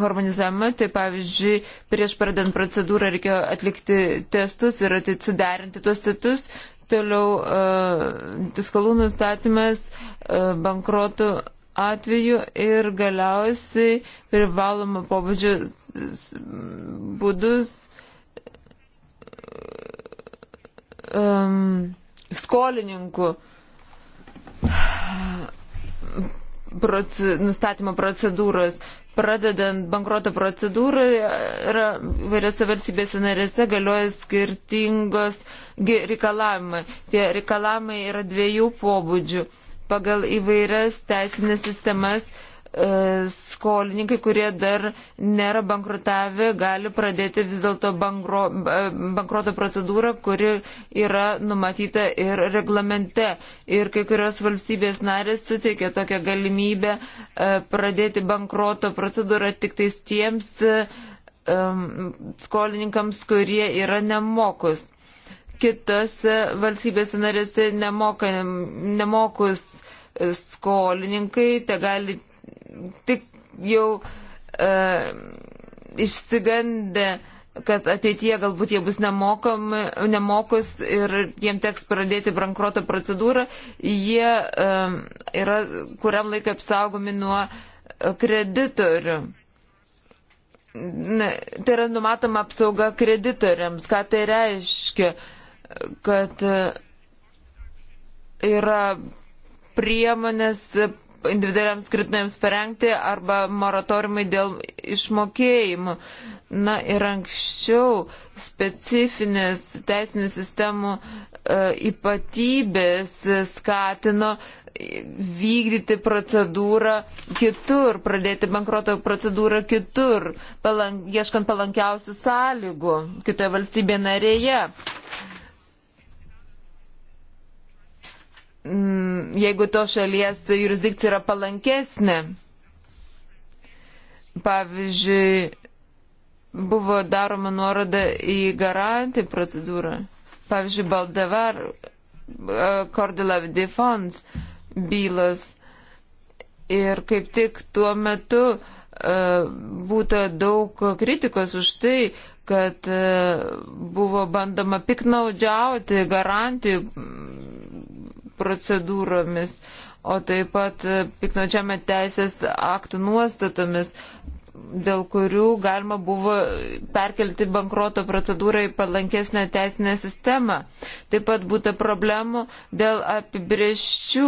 harmonizavimą. Tai pavyzdžiui, prieš pradant procedūrą reikėjo atlikti testus ir suderinti tuos testus, Toliau e, skolų nustatymas e, bankruotų atveju ir galiausiai privaloma pobūdžio būdus um, skolininkų proce, nustatymo procedūros. Pradedant bankruoto procedūrą, yra vairiose valstybėse narėse galioja skirtingos uh, reikalavimai. Tie reikalavimai yra dviejų pobūdžių. Pagal įvairias teisinės sistemas e, skolininkai, kurie dar nėra bankrutavę, gali pradėti vis dėlto bankro, e, bankroto procedūrą, kuri yra numatyta ir reglamente. Ir kai kurios valstybės narės suteikia tokią galimybę e, pradėti bankroto procedūrą tik tais tiems um, skolininkams, kurie yra nemokus kitose valstybėse narėse nemoka, nemokus skolininkai, te gali tik jau e, išsigandę, kad ateityje galbūt jie bus nemokami, nemokus ir jiem teks pradėti bankroto procedūrą, jie e, yra kuriam laiką apsaugomi nuo kreditorių. Ne, tai yra numatoma apsauga kreditoriams. Ką tai reiškia? E, kad yra priemonės individualiams kritinėms parengti arba moratoriumai dėl išmokėjimų. Na ir anksčiau specifinės teisinių sistemų e, ypatybės skatino vykdyti procedūrą kitur, pradėti bankroto procedūrą kitur, palank, ieškant palankiausių sąlygų kitoje valstybėje narėje. Mm, jeigu to šalies jurisdikcija yra palankesnė. Pavyzdžiui, buvo daroma nuoroda į garantį procedūrą. Pavyzdžiui, Baldavar, e, Kordilav Defons bylos. Ir kaip tik tuo metu e, būtų daug kritikos už tai, kad e, buvo bandoma piknaudžiauti garantijų procedūromis, o taip pat piknaudžiame teisės aktų nuostatomis, dėl kurių galima buvo perkelti bankroto procedūrą į palankesnę teisinę sistemą. Taip pat būtų problemų dėl apibrieščių,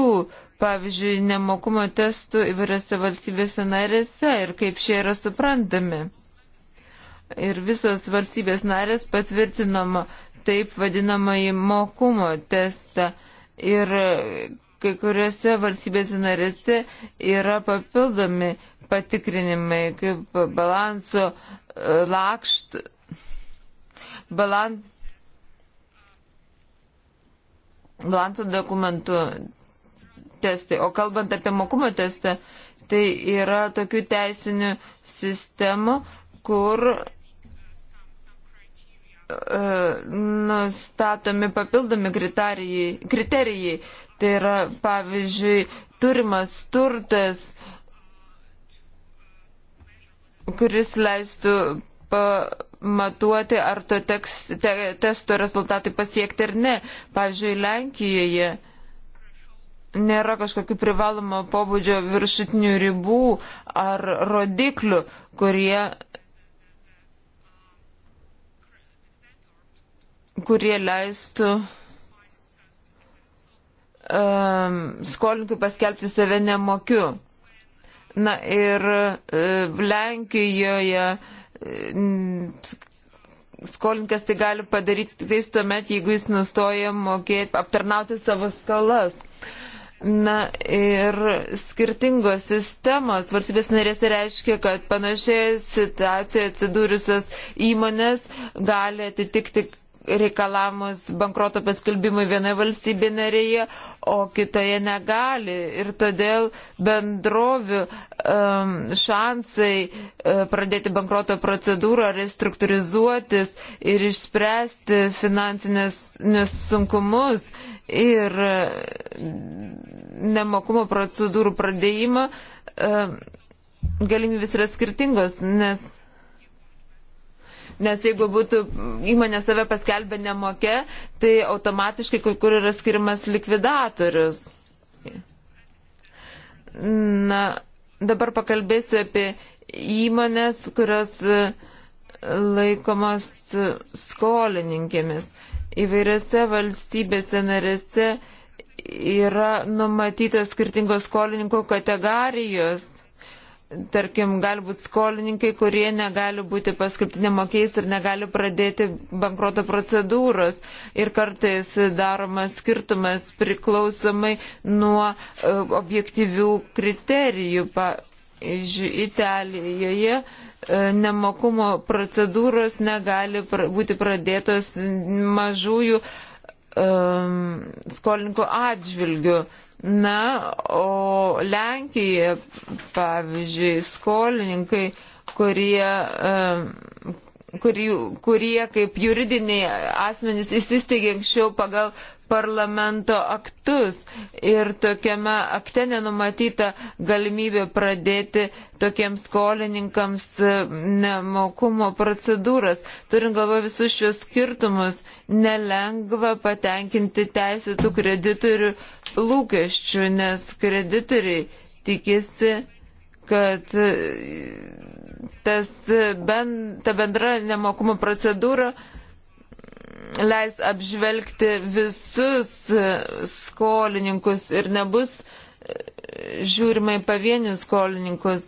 pavyzdžiui, nemokumo testų įvairiose valstybėse narėse ir kaip šie yra suprantami. Ir visos valstybės narės patvirtinama taip vadinamąjį mokumo testą ir kai kuriuose valstybėse narėse yra papildomi patikrinimai, kaip balanso e, lakšt, balan, balanso dokumentų testai. O kalbant apie mokumo testą, tai yra tokių teisinių sistemų, kur E, nustatomi papildomi kriterijai, kriterijai. Tai yra, pavyzdžiui, turimas turtas, kuris leistų pamatuoti, ar to tekst, te, testo rezultatai pasiekti ar ne. Pavyzdžiui, Lenkijoje nėra kažkokių privalomo pobūdžio viršutinių ribų ar rodiklių, kurie kurie leistų um, skolininkui paskelbti save nemokiu. Na ir e, Lenkijoje e, skolininkas tai gali padaryti tik tais tuomet, jeigu jis nustoja mokėti, aptarnauti savo skolas. Na ir skirtingos sistemos valstybės narėse reiškia, kad panašioje situacijoje atsidūrusios įmonės gali atitikti reikalavimus bankruoto paskelbimui vienoje valstybėje narėje, o kitoje negali. Ir todėl bendrovių um, šansai uh, pradėti bankruoto procedūrą, restruktūrizuotis ir išspręsti finansinės sunkumus ir e, nemokumo procedūrų pradėjimą. Um, Galimybės yra skirtingos, nes Nes jeigu būtų įmonė save paskelbę nemokė, tai automatiškai kur, kur yra skirimas likvidatorius. Na, dabar pakalbėsiu apie įmonės, kurios e, laikomas skolininkėmis. Įvairiose valstybėse narėse yra numatytos skirtingos skolininkų kategorijos tarkim, gali būti skolininkai, kurie negali būti paskripti nemokiais ir negali pradėti bankroto procedūros. Ir kartais daromas skirtumas priklausomai nuo e, objektyvių kriterijų. Pavyzdžiui, Italijoje e, nemokumo procedūros negali būti pradėtos mažųjų um, skolininkų atžvilgių. Uh, Na, o Lenkijoje, pavyzdžiui, skolininkai, kurie um, kuri, kurie kaip juridiniai asmenys įsisteigė anksčiau pagal parlamento aktus ir tokiame akte nenumatyta galimybė pradėti tokiems skolininkams e, nemokumo procedūras. Turint galvoje visus šios skirtumus, nelengva patenkinti teisėtų kreditorių lūkesčių, nes kreditoriai tikisi, kad e, tas e, ben, ta bendra nemokumo procedūra leis apžvelgti visus e, skolininkus ir nebus e, žiūrimai pavienius skolininkus.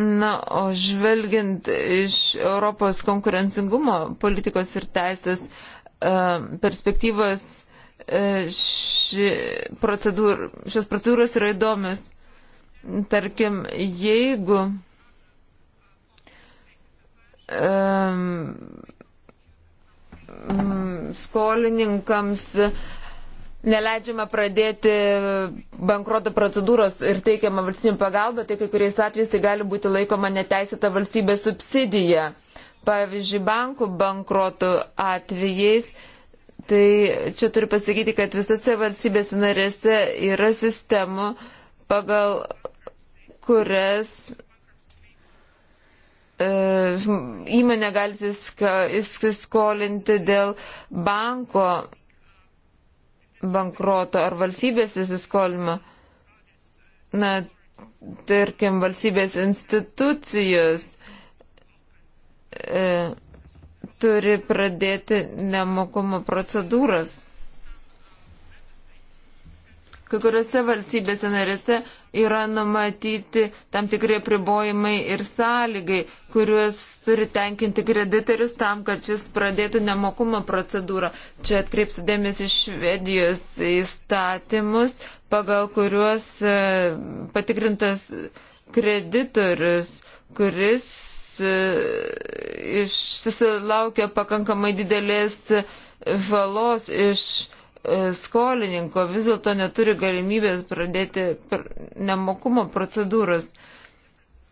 Na, o žvelgiant iš Europos konkurencingumo politikos ir teisės perspektyvos, E, ši procedūr, šios procedūros yra įdomios. Tarkim, jeigu um, skolininkams neleidžiama pradėti bankruoto procedūros ir teikiama valstybinė pagalba, tai kai kuriais atvejais tai gali būti laikoma neteisėta valstybės subsidija. Pavyzdžiui, bankų bankruotų atvejais uh, Tai čia turiu pasakyti, kad visose valstybės narėse yra sistemų, pagal kurias e, įmonė gali įsiskolinti dėl banko bankroto ar valstybės įsiskolinimo. Na, tarkim, valstybės institucijos. E, turi pradėti nemokumo procedūras. Kai kuriuose valstybėse narėse yra numatyti tam tikrie pribojimai ir sąlygai, kuriuos turi tenkinti kreditorius tam, kad šis pradėtų nemokumo procedūrą. Čia atkreipsiu dėmesį Švedijos įstatymus, pagal kuriuos e, patikrintas kreditorius, kuris susilaukia pakankamai didelės žalos iš e, skolininko, vis dėlto neturi galimybės pradėti nemokumo procedūros.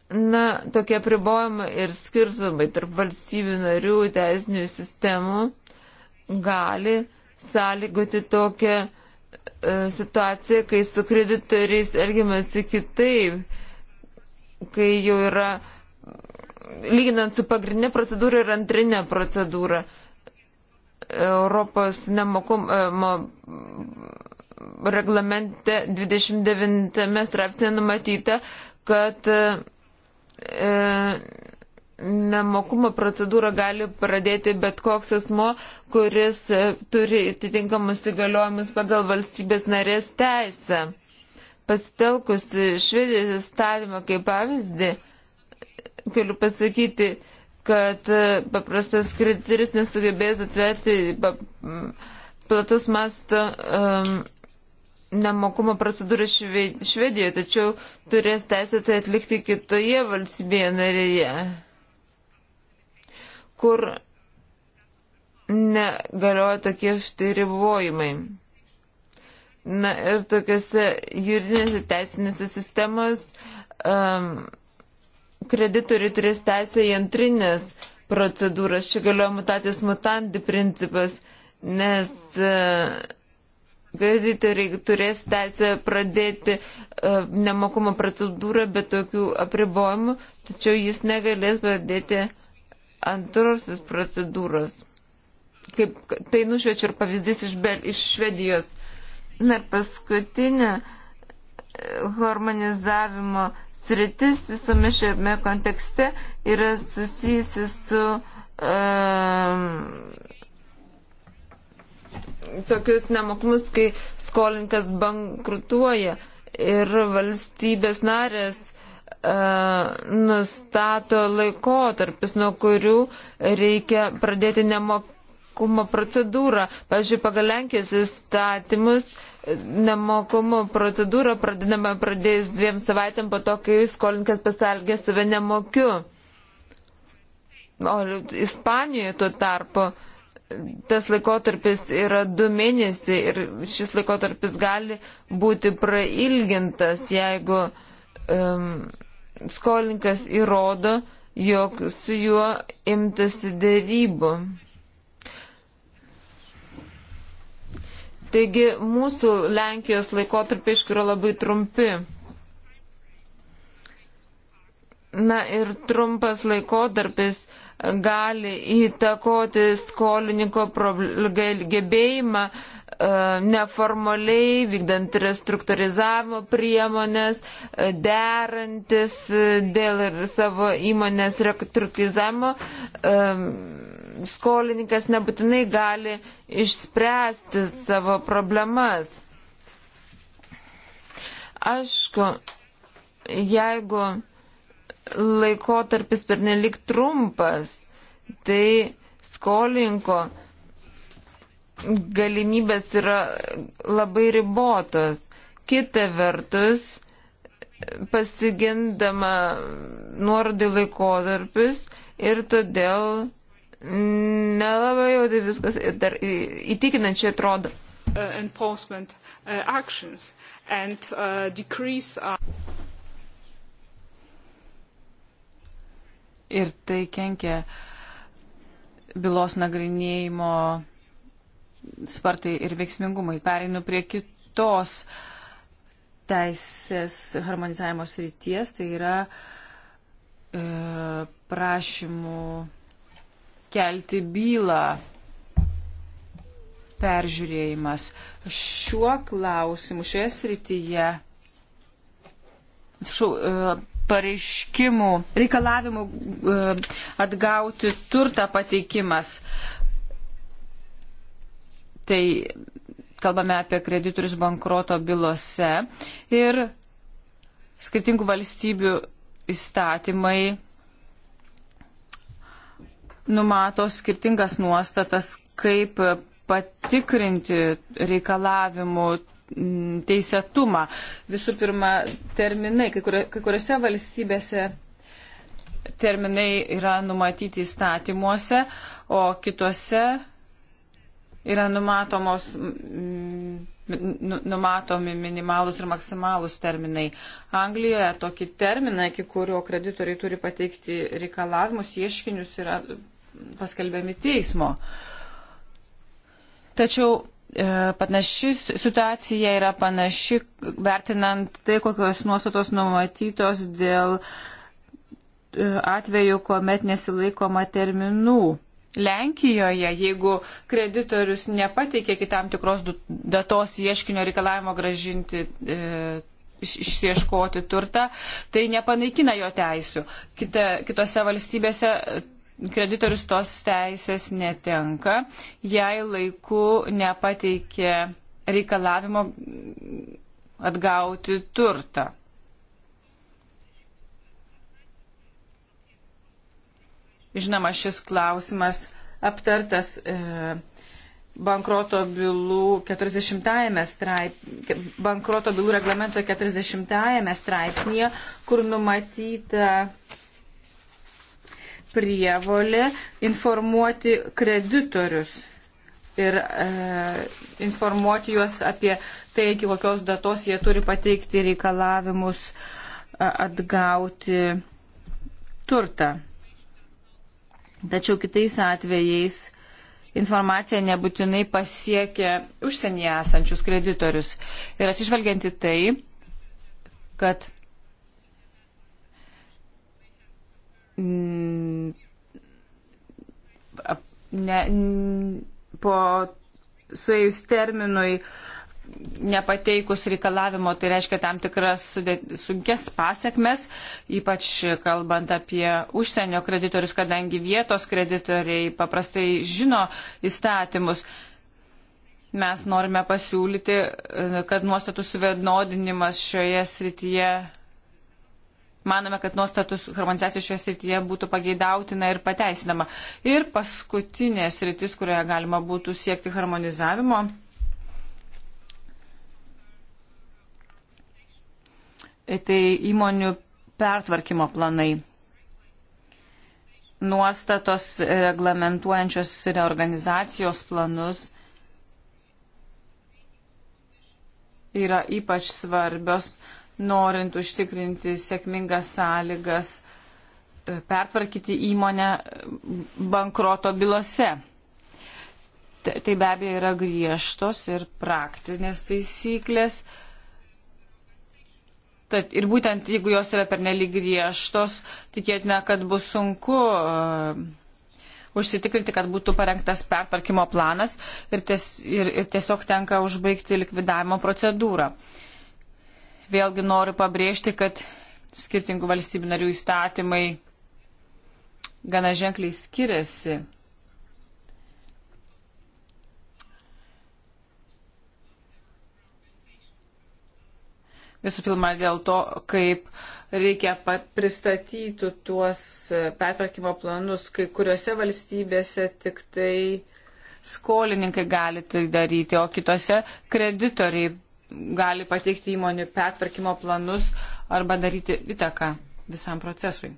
Na, tokie pribojimai ir skirtumai tarp valstybių narių teisinių sistemų gali sąlygoti tokią e, situaciją, kai su kreditoriais elgiamasi kitaip, kai jau yra e, lyginant su pagrindinė procedūra ir antrinė procedūra. Europos nemokumo e, reglamente 29 straipsnė numatyta, kad e, nemokumo procedūrą gali pradėti bet koks asmo, kuris e, turi atitinkamus įgaliojimus pagal valstybės narės teisę. Pasitelkus švedijos įstatymą kaip pavyzdį, galiu pasakyti, kad e, paprastas kriterijus nesugebės atverti platus masto um, nemokumo procedūrą Švedijoje, tačiau turės teisę tai atlikti kitoje valstybėje narėje, kur negalioja tokie štai ribojimai. Na ir tokiuose juridinėse teisinėse sistemos um, kreditoriai turės teisę į antrinės procedūras. Čia galioja mutatis mutandi principas, nes e, kreditoriai turės teisę pradėti e, nemokumo procedūrą be tokių apribojimų, tačiau jis negalės pradėti antrosios procedūros. Kaip tai nušvečia ir pavyzdys iš, Bel, iš Švedijos. Na ir paskutinė e, harmonizavimo sritis visame šiame kontekste yra susijusi su um, tokius nemokumus, kai skolinkas bankrutuoja ir valstybės narės e, nustato laikotarpis, nuo kurių reikia pradėti nemok nemokumo procedūrą. Pavyzdžiui, pagal Lenkijos įstatymus e, nemokumo procedūrą pradedame pradėjus dviem savaitėm po to, kai skolininkas pasalgė save nemokiu. O Ispanijoje tuo tarpu e, tas laikotarpis yra du mėnesiai ir šis laikotarpis gali būti prailgintas, jeigu um, skolininkas įrodo, jog su juo imtasi dėrybų. Taigi mūsų Lenkijos laikotarpiai iš yra labai trumpi. Na ir trumpas laikotarpis gali įtakoti skolininko gebėjimą uh, E, neformaliai, vykdant restruktūrizavimo priemonės, e, derantis e, dėl savo įmonės restruktūrizavimo, skolininkas nebūtinai gali išspręsti savo problemas. Aišku, jeigu laikotarpis per nelik trumpas, tai skolinko galimybės yra labai ribotos. Kita vertus, pasigindama nuorodai laikotarpius ir todėl nelabai jau tai viskas dar įtikinančiai atrodo. Uh, enforcement uh, actions and uh, decrease. Uh, ir tai kenkia bylos nagrinėjimo spartai ir veiksmingumai. Pereinu prie kitos teisės harmonizavimo srities, tai yra e, prašymų kelti bylą peržiūrėjimas. Šiuo klausimu, šioje srityje, atsiprašau, e, pareiškimų, reikalavimų e, atgauti turtą pateikimas tai kalbame apie kreditorius bankroto bylose ir skirtingų valstybių įstatymai numato skirtingas nuostatas, kaip patikrinti reikalavimų mm, teisėtumą. Visų pirma, terminai, kai, kurio, kai kuriuose valstybėse terminai yra numatyti įstatymuose, o kitose yra numatomos, mm, nu, numatomi minimalus ir maksimalus terminai. Anglijoje tokį terminą, iki kurio kreditoriai turi pateikti reikalavimus, ieškinius yra paskelbiami teismo. Tačiau e, panaši situacija yra panaši, vertinant tai, kokios nuostatos numatytos dėl e, atveju, kuomet nesilaikoma terminų. Lenkijoje, jeigu kreditorius nepateikė iki tam tikros datos ieškinio reikalavimo gražinti. E, išieškoti turtą, tai nepanaikina jo teisių. Kita, kitose valstybėse e, kreditorius tos teisės netenka, jei laiku nepateikė reikalavimo atgauti turtą. Žinoma, šis klausimas aptartas e, bankroto bylų 40-ąjame straipsnėje, bankroto bylų reglamento 40-ąjame straipsnėje, kur numatyta prievolė informuoti kreditorius ir e, informuoti juos apie tai, iki kokios datos jie turi pateikti reikalavimus atgauti turtą. Tačiau kitais atvejais informacija nebūtinai pasiekia užsienyje esančius kreditorius. Ir atsižvelgianti tai, kad ne, po suėjus terminui nepateikus reikalavimo, tai reiškia tam tikras sunkes pasiekmes, ypač kalbant apie užsienio kreditorius, kadangi vietos kreditoriai paprastai žino įstatymus. Mes norime pasiūlyti, kad nuostatų suvienodinimas šioje srityje. Manome, kad nuostatų harmonizacija šioje srityje būtų pageidautina ir pateisinama. Ir paskutinė sritis, kurioje galima būtų siekti harmonizavimo tai įmonių pertvarkymo planai nuostatos reglamentuojančios reorganizacijos planus yra ypač svarbios, norint užtikrinti sėkmingas sąlygas e, pertvarkyti įmonę bankroto bylose. Tai be abejo yra griežtos ir praktinės taisyklės, Tad ir būtent jeigu jos yra pernelyg griežtos, tikėtina, kad bus sunku uh, užsitikrinti, kad būtų parengtas pertvarkymo planas ir, ties, ir, ir tiesiog tenka užbaigti likvidavimo procedūrą. Vėlgi noriu pabrėžti, kad skirtingų valstybių narių įstatymai gana ženkliai skiriasi. Visų pirma, dėl to, kaip reikia pristatyti tuos e, pertvarkymo planus, kai kuriuose valstybėse tik tai skolininkai gali tai daryti, o kitose kreditoriai gali pateikti įmonių pertvarkymo planus arba daryti įtaką visam procesui.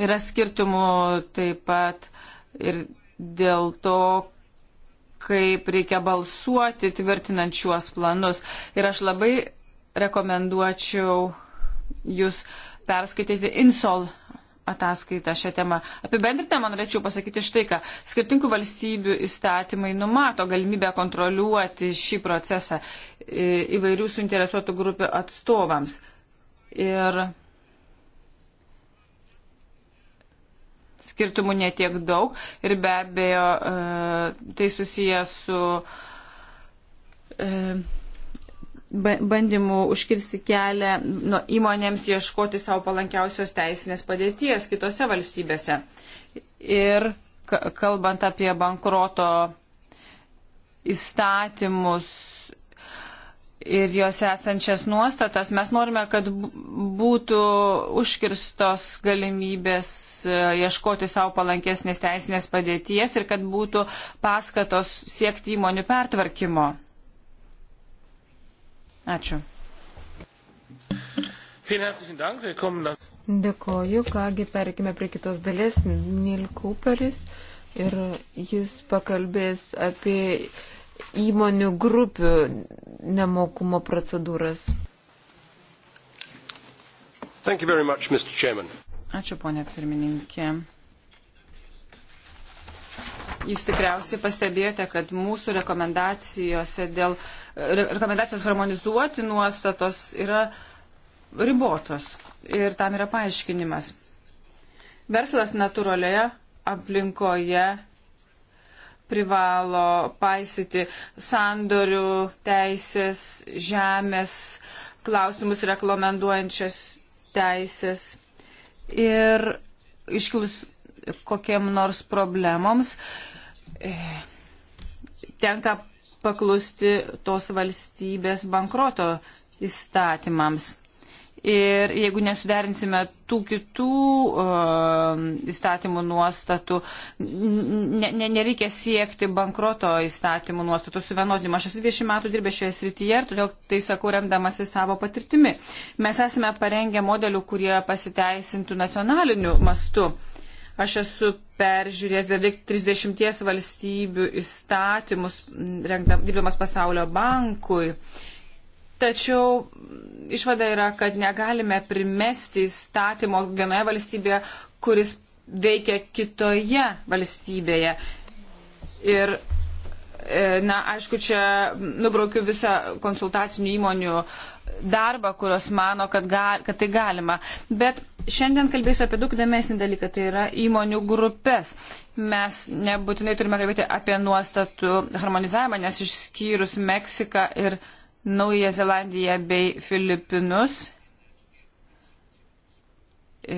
Yra skirtumų taip pat ir dėl to, kaip reikia balsuoti tvirtinant šiuos planus. Ir aš labai rekomenduočiau jūs perskaityti INSOL ataskaitą šią temą. Apibendrinę man norėčiau pasakyti štai ką. Skirtingų valstybių įstatymai numato galimybę kontroliuoti šį procesą e, įvairių suinteresuotų grupių atstovams. Ir skirtumų netiek daug ir be abejo e, tai susijęs su e, bandymų užkirsti kelią nu, įmonėms ieškoti savo palankiausios teisinės padėties kitose valstybėse. Ir kalbant apie bankroto įstatymus ir juose esančias nuostatas. Mes norime, kad būtų užkirstos galimybės e, ieškoti savo palankesnės teisinės padėties ir kad būtų paskatos siekti įmonių pertvarkymo. Ačiū. Dėkoju, kągi perkime prie kitos dalies. Nil Cooperis ir jis pakalbės apie įmonių grupių nemokumo procedūras. Much, Ačiū, ponė pirmininkė. Jūs tikriausiai pastebėjote, kad mūsų rekomendacijose dėl rekomendacijos harmonizuoti nuostatos yra ribotos ir tam yra paaiškinimas. Verslas natūralioje aplinkoje privalo paisyti sandorių teisės, žemės klausimus reglamentuojančios teisės. Ir iškilus kokiem nors problemoms e, tenka paklusti tos valstybės bankroto įstatymams. Ir jeigu nesuderinsime tų kitų uh, įstatymų nuostatų, ne, ne, nereikia siekti bankroto įstatymų nuostatų suvienodinimo. Aš esu 20 metų dirbęs šioje srityje ir todėl tai sakau remdamasi savo patirtimi. Mes esame parengę modelių, kurie pasiteisintų nacionaliniu mastu. Aš esu peržiūrėjęs beveik 30 valstybių įstatymus, dirbdamas pasaulio bankui. Uh, Tačiau išvada yra, kad negalime primesti statymo vienoje valstybėje, kuris veikia kitoje valstybėje. Ir, e, na, aišku, čia nubraukiu visą konsultacinių įmonių darbą, kurios mano, kad, gal, kad tai galima. Bet šiandien kalbėsiu apie daug įdomesnį dalyką, tai yra įmonių grupės. Mes nebūtinai turime kalbėti apie nuostatų harmonizavimą, nes išskyrus Meksiką ir. Naują Zelandiją bei Filipinus. E,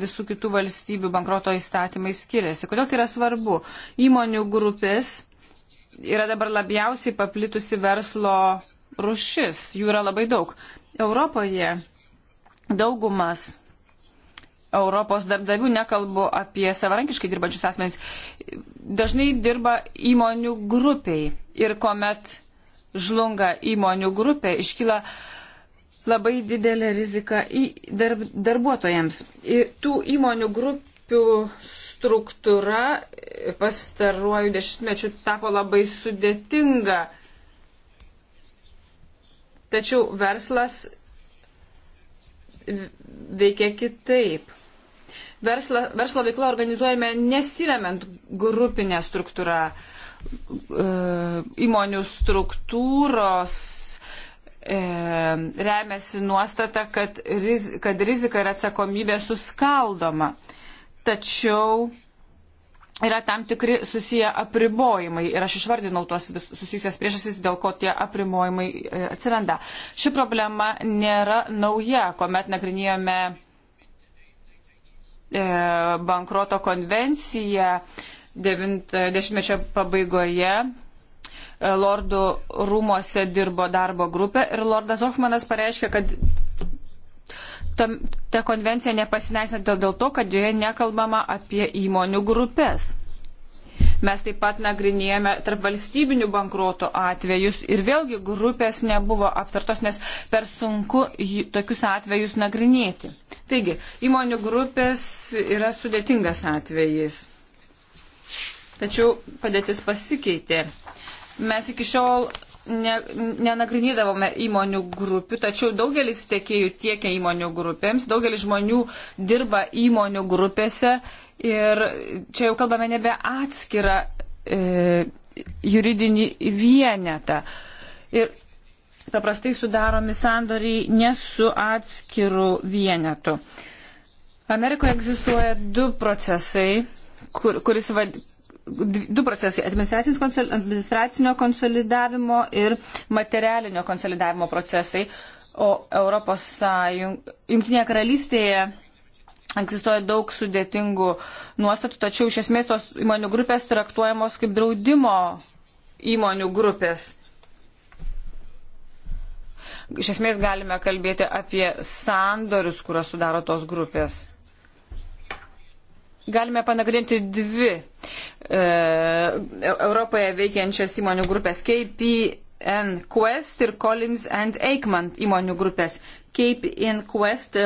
visų kitų valstybių bankroto įstatymai skiriasi. Kodėl tai yra svarbu? Įmonių grupės yra dabar labiausiai paplitusi verslo rušis, jų yra labai daug. Europoje daugumas Europos darbdavių, nekalbu apie savarankiškai dirbančius asmenys, dažnai dirba įmonių grupiai ir kuomet žlunga įmonių grupė, iškyla labai didelė rizika darb, darbuotojams. Ir tų įmonių grupių struktūra pastaruoju dešimtmečiu tapo labai sudėtinga. Tačiau verslas veikia kitaip. Versla, verslo veikla organizuojame nesiremiant grupinę struktūrą. Uh, E, įmonių struktūros e, remiasi nuostata, kad, riz, kad rizika ir atsakomybė suskaldoma. Tačiau yra tam tikri susiję apribojimai ir aš išvardinau tuos vis, susijusias priežastis, dėl ko tie apribojimai e, atsiranda. Ši problema nėra nauja, kuomet nagrinėjome e, bankroto konvenciją. E, 90-mečio pabaigoje e, Lordų rūmose dirbo darbo grupė ir Lordas Hochmanas pareiškė, kad tam, ta konvencija nepasineisina dėl to, kad joje nekalbama apie įmonių grupės. Mes taip pat nagrinėjame tarp valstybinių bankruoto atvejus ir vėlgi grupės nebuvo aptartos, nes per sunku tokius atvejus nagrinėti. Taigi, įmonių grupės yra sudėtingas atvejis. Tačiau padėtis pasikeitė. Mes iki šiol ne, nenagrinėdavome įmonių grupių, tačiau daugelis tiekėjų tiekia įmonių grupėms, daugelis žmonių dirba įmonių grupėse ir čia jau kalbame nebe atskirą e, juridinį vienetą. Ir paprastai sudaromi sandoriai ne su atskiru vienetu. Amerikoje egzistuoja du procesai, kur, kuris, vad, du procesai - administracinio konsolidavimo ir materialinio konsolidavimo procesai. O Europos Sąjung, Junktinėje karalystėje egzistuoja daug sudėtingų nuostatų, tačiau iš esmės tos įmonių grupės traktuojamos kaip draudimo įmonių grupės. Iš esmės galime kalbėti apie sandorius, kuriuos sudaro tos grupės. Galime panagrinti dvi e, Europoje veikiančias įmonių grupės - KPN Quest ir Collins and Aikman įmonių grupės. KPN Quest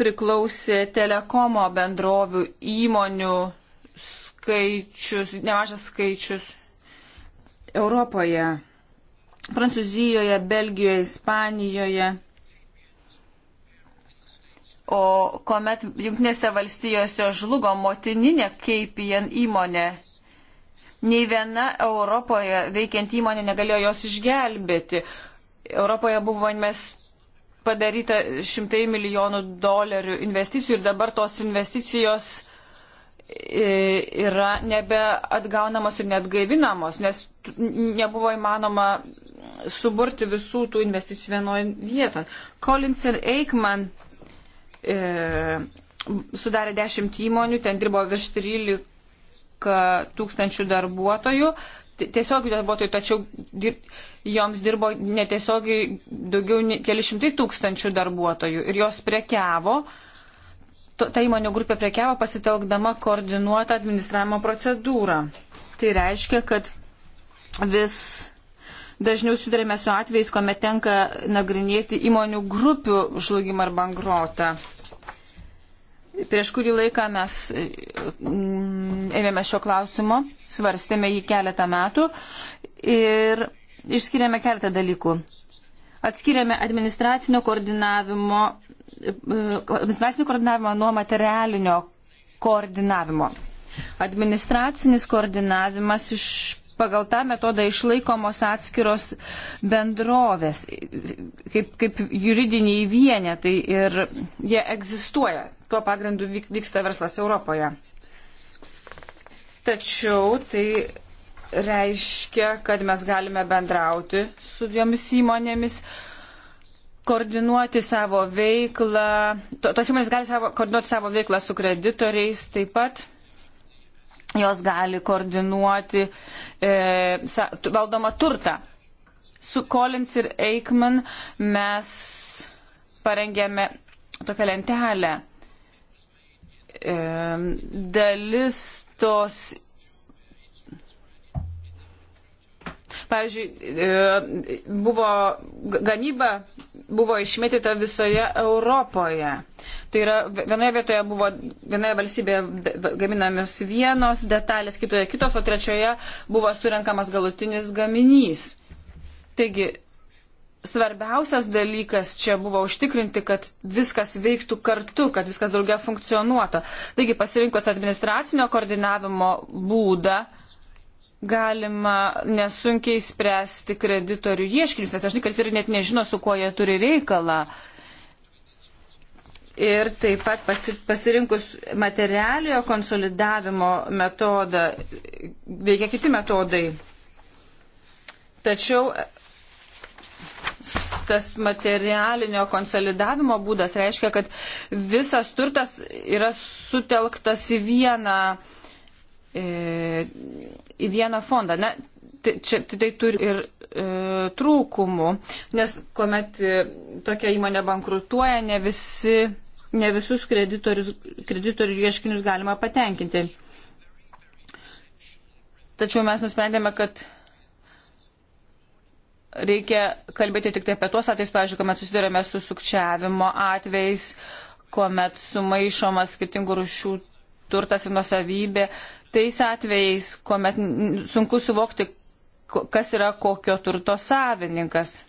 priklausė telekomo bendrovių įmonių skaičius, nemažas skaičius Europoje, Prancūzijoje, Belgijoje, Ispanijoje O kuomet Junktinėse valstijose žlugo motininė Keipijan įmonė, nei viena Europoje veikianti įmonė negalėjo jos išgelbėti. Europoje buvo mes padaryta šimtai milijonų dolerių investicijų ir dabar tos investicijos e, yra nebeatgaunamos ir neatgaivinamos, nes nebuvo įmanoma suburti visų tų investicijų vienoje vietoje. Collins ir Eichmann E, sudarė 10 įmonių, ten dirbo virš 13 tūkstančių darbuotojų, tiesiogių darbuotojų, tačiau dir, joms dirbo netiesiogiai daugiau ne, keli šimtai tūkstančių darbuotojų ir jos prekiavo. To, ta įmonių grupė prekiavo pasitelkdama koordinuotą administravimo procedūrą. Tai reiškia, kad vis dažniau sudarėme su atvejais, kuomet tenka nagrinėti įmonių grupių žlugimą ar bankrotą. Prieš kurį laiką mes e, ėmėme šio klausimo, svarstėme jį keletą metų ir išskiriame keletą dalykų. Atskiriame administracinio koordinavimo, e, administracinio koordinavimo nuo materialinio koordinavimo. Administracinis koordinavimas iš pagal tą metodą išlaikomos atskiros bendrovės, kaip, kaip juridiniai vienetai ir jie egzistuoja tuo pagrindu vyksta verslas Europoje. Tačiau tai reiškia, kad mes galime bendrauti su jomis įmonėmis, koordinuoti savo veiklą, tos įmonės gali savo, koordinuoti savo veiklą su kreditoriais taip pat. Jos gali koordinuoti e, sa, valdomą turtą. Su Collins ir Eichmann mes parengėme tokią lentelę e, dalis tos. Pavyzdžiui, e, buvo gamyba buvo išmėtyta visoje Europoje. Tai yra vienoje vietoje buvo, vienoje valstybėje gaminamis vienos detalės, kitoje kitos, o trečioje buvo surenkamas galutinis gaminys. Taigi, svarbiausias dalykas čia buvo užtikrinti, kad viskas veiktų kartu, kad viskas daugia funkcionuotų. Taigi pasirinkus administracinio koordinavimo būdą galima nesunkiai spręsti kreditorių ieškinius, nes dažnai kreditoriai net nežino, su kuo jie turi reikalą. Ir taip pat pasirinkus materialiojo konsolidavimo metodą veikia kiti metodai. Tačiau tas materialinio konsolidavimo būdas reiškia, kad visas turtas yra sutelktas į vieną, e, į vieną fondą. Na, tai čia tai, tai turi ir e, trūkumų, nes kuomet e, tokia įmonė bankrutuoja, ne, visi, ne visus kreditorių ieškinius galima patenkinti. Tačiau mes nusprendėme, kad reikia kalbėti tik tai apie tuos atvejus, pavyzdžiui, kuomet susidurėme su sukčiavimo atvejais, kuomet sumaišomas skirtingų rušių turtas ir nusavybė, tais atvejais, kuomet sunku suvokti, kas yra kokio turto savininkas.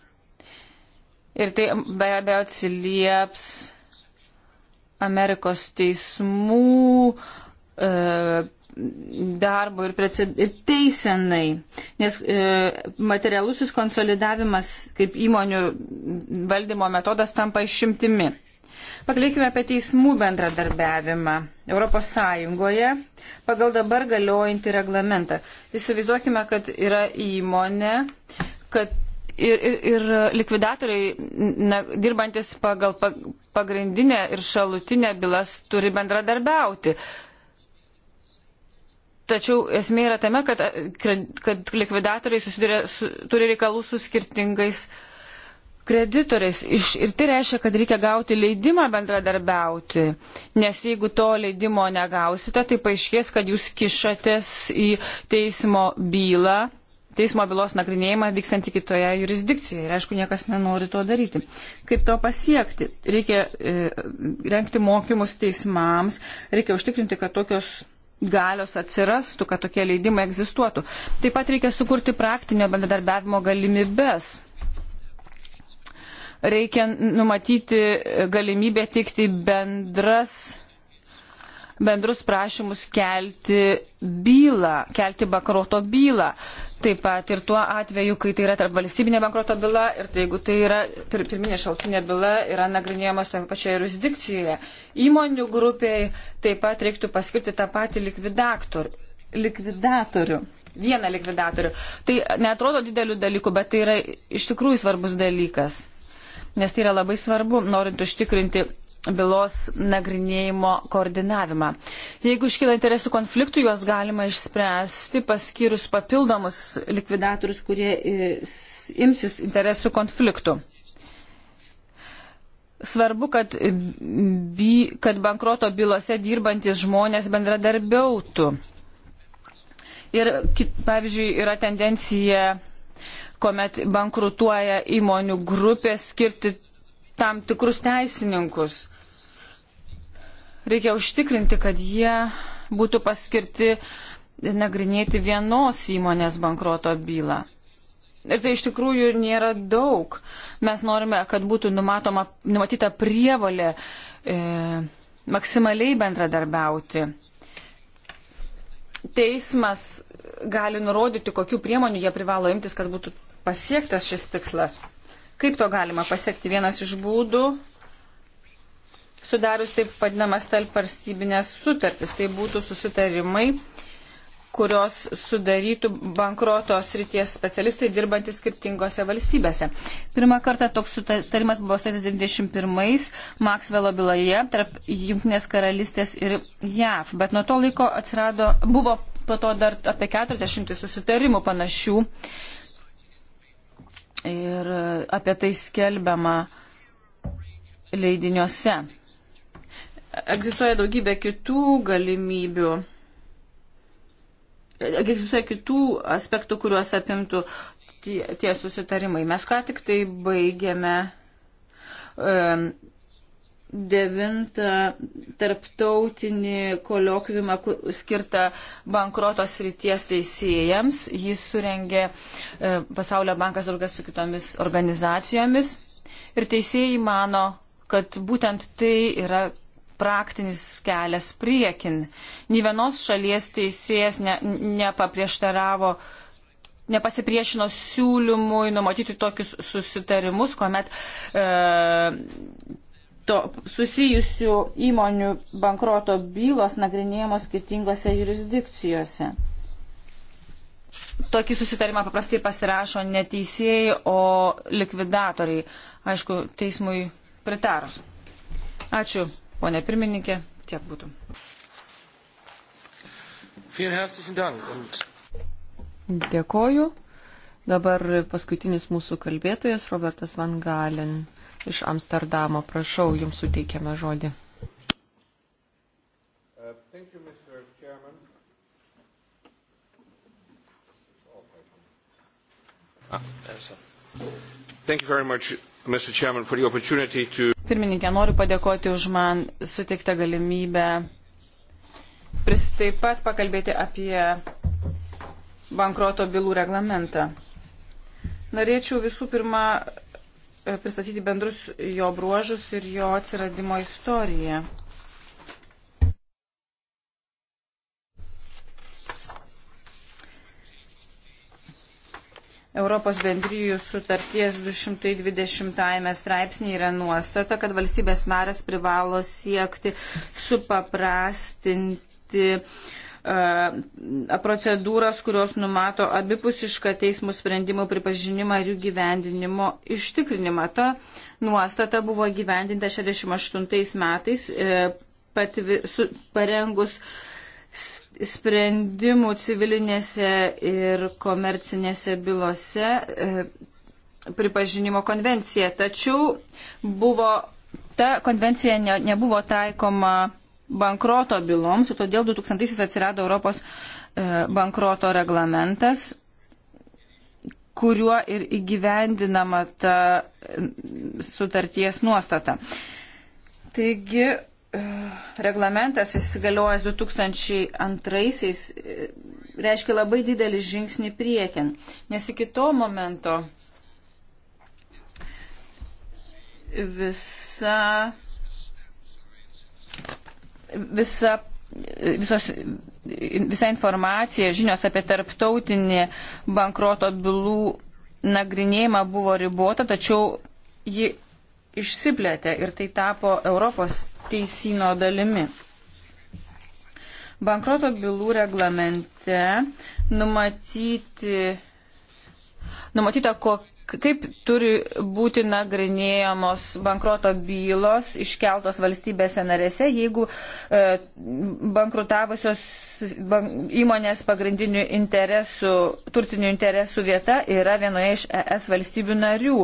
Ir tai be abejo atsilieps Amerikos teismų e, darbo ir, ir teisenai, nes e, materialusis konsolidavimas kaip įmonių valdymo metodas tampa išimtimi. Pakalbėkime apie teismų bendradarbiavimą Europos Sąjungoje pagal dabar galiojantį reglamentą. Įsivaizduokime, kad yra įmonė, kad ir, ir, ir likvidatoriai na, dirbantis pagal pagrindinę ir šalutinę bylas turi bendradarbiauti. Tačiau esmė yra tame, kad, e, kad likvidatoriai susiduria, su, turi reikalų su skirtingais kreditoriais. Iš, ir tai reiškia, kad reikia gauti leidimą bendradarbiauti, nes jeigu to leidimo negausite, tai paaiškės, kad jūs kišatės į teismo bylą, teismo bylos nagrinėjimą vykstantį kitoje jurisdikcijoje. Ir aišku, niekas nenori to daryti. Kaip to pasiekti? Reikia e, renkti mokymus teismams, reikia užtikrinti, kad tokios galios atsirastų, kad tokie leidimai egzistuotų. Taip pat reikia sukurti praktinio bendradarbiavimo galimybės. Reikia numatyti galimybę teikti bendras bendrus prašymus kelti bylą, kelti bakaroto bylą. Taip pat ir tuo atveju, kai tai yra tarp valstybinė bankroto byla ir tai, jeigu tai yra pir pirminė šaltinė byla, yra nagrinėjamas toje pačioje jurisdikcijoje. Įmonių grupiai taip pat reiktų paskirti tą patį likvidatorių. Vieną likvidatorių. Tai netrodo didelių dalykų, bet tai yra iš tikrųjų svarbus dalykas. Nes tai yra labai svarbu, norint užtikrinti bylos nagrinėjimo koordinavimą. Jeigu iškyla interesų konfliktų, juos galima išspręsti paskyrus papildomus likvidatorius, kurie imsis interesų konfliktų. Svarbu, kad, by, kad bankroto bylose dirbantis žmonės bendradarbiautų. Ir, pavyzdžiui, yra tendencija, kuomet bankrutuoja įmonių grupė, skirti tam tikrus teisininkus Reikia užtikrinti, kad jie būtų paskirti nagrinėti vienos įmonės bankruoto bylą. Ir tai iš tikrųjų nėra daug. Mes norime, kad būtų numatoma, numatyta prievalė e, maksimaliai bendradarbiauti. Teismas gali nurodyti, kokiu priemoniu jie privalo imtis, kad būtų pasiektas šis tikslas. Kaip to galima pasiekti? Vienas iš būdų sudarius taip vadinamas talpvarsybinės sutartis. Tai būtų susitarimai, kurios sudarytų bankroto srities specialistai dirbantys skirtingose valstybėse. Pirmą kartą toks sutarimas buvo 1991 Maksvelo byloje tarp Junktinės karalystės ir JAV, bet nuo to laiko atsirado, buvo po to dar apie 40 susitarimų panašių ir e, apie tai skelbiama leidiniuose. Egzistuoja daugybė kitų galimybių. Egzistuoja kitų aspektų, kuriuos apimtų tie, tie susitarimai. Mes ką tik tai baigėme um, devintą tarptautinį koliokvimą skirtą bankrotos ryties teisėjams. Jis surengė e, Pasaulio bankas draugas su kitomis organizacijomis. Ir teisėjai mano, kad būtent tai yra praktinis kelias priekin. Nį vienos šalies teisėjas ne, nepaprieštaravo, nepasipriešino siūlymui numatyti tokius susitarimus, kuomet e, to, susijusių įmonių bankroto bylos nagrinėjamos skirtingose jurisdikcijose. Tokį susitarimą paprastai pasirašo ne teisėjai, o likvidatoriai. Aišku, teismui pritarus. Ačiū. Pone pirmininkė, tiek būtų. Dėkoju. Dabar paskutinis mūsų kalbėtojas Robertas Van Galen iš Amsterdamo. Prašau, jums suteikiame žodį. Uh, oh, ah, thank you very much, Mr. Chairman, for the opportunity to Pirmininkė, noriu padėkoti už man sutiktą galimybę pris taip pat pakalbėti apie bankroto bylų reglamentą. Norėčiau visų pirma e, pristatyti bendrus jo bruožus ir jo atsiradimo istoriją. Europos bendrijų sutarties 220 straipsnė yra nuostata, kad valstybės naras privalo siekti supaprastinti uh, procedūras, kurios numato abipusišką teismų sprendimų pripažinimą ir jų gyvendinimo ištikrinimą. Ta nuostata buvo gyvendinta 68 metais e, patvi, su, parengus sprendimų civilinėse ir komercinėse bylose e, pripažinimo konvencija. Tačiau buvo, ta konvencija ne, nebuvo taikoma bankroto byloms ir todėl 2000-aisiais atsirado Europos e, bankroto reglamentas kuriuo ir įgyvendinama ta sutarties nuostata. Taigi, reglamentas įsigaliojęs 2002-aisiais e, reiškia labai didelį žingsnį priekin, nes iki to momento visa, visa, visos, visa informacija, žinios apie tarptautinį bankroto bylų nagrinėjimą buvo ribota, tačiau ji išsiplėtė ir tai tapo Europos teisino dalimi. Bankroto bylų reglamente numatyti, numatyta, kokia kaip turi būti nagrinėjamos bankroto bylos iškeltos valstybėse narėse, jeigu e, bankrutavusios bank, įmonės pagrindinių interesų, turtinių interesų vieta yra vienoje iš ES valstybių narių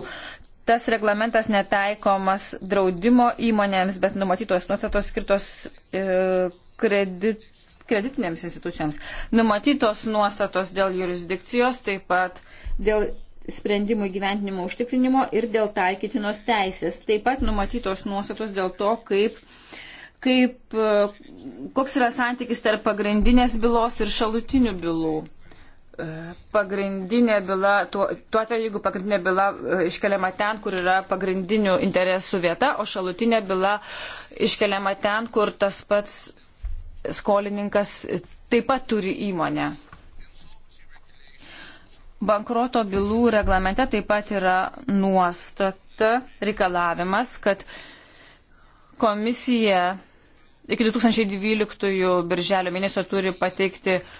tas reglamentas netaikomas draudimo įmonėms, bet numatytos nuostatos skirtos e, kredit, kreditinėms institucijoms. Numatytos nuostatos dėl jurisdikcijos, taip pat dėl sprendimų įgyventinimo užtikrinimo ir dėl taikytinos teisės. Taip pat numatytos nuostatos dėl to, kaip, kaip, e, koks yra santykis tarp pagrindinės bylos ir šalutinių bylų pagrindinė byla, tuo, tuo atveju, jeigu pagrindinė byla e, iškeliama ten, kur yra pagrindinių interesų vieta, o šalutinė byla iškeliama ten, kur tas pats skolininkas taip pat turi įmonę. Bankroto bylų reglamente taip pat yra nuostata, reikalavimas, kad komisija iki 2012 birželio mėnesio turi pateikti uh,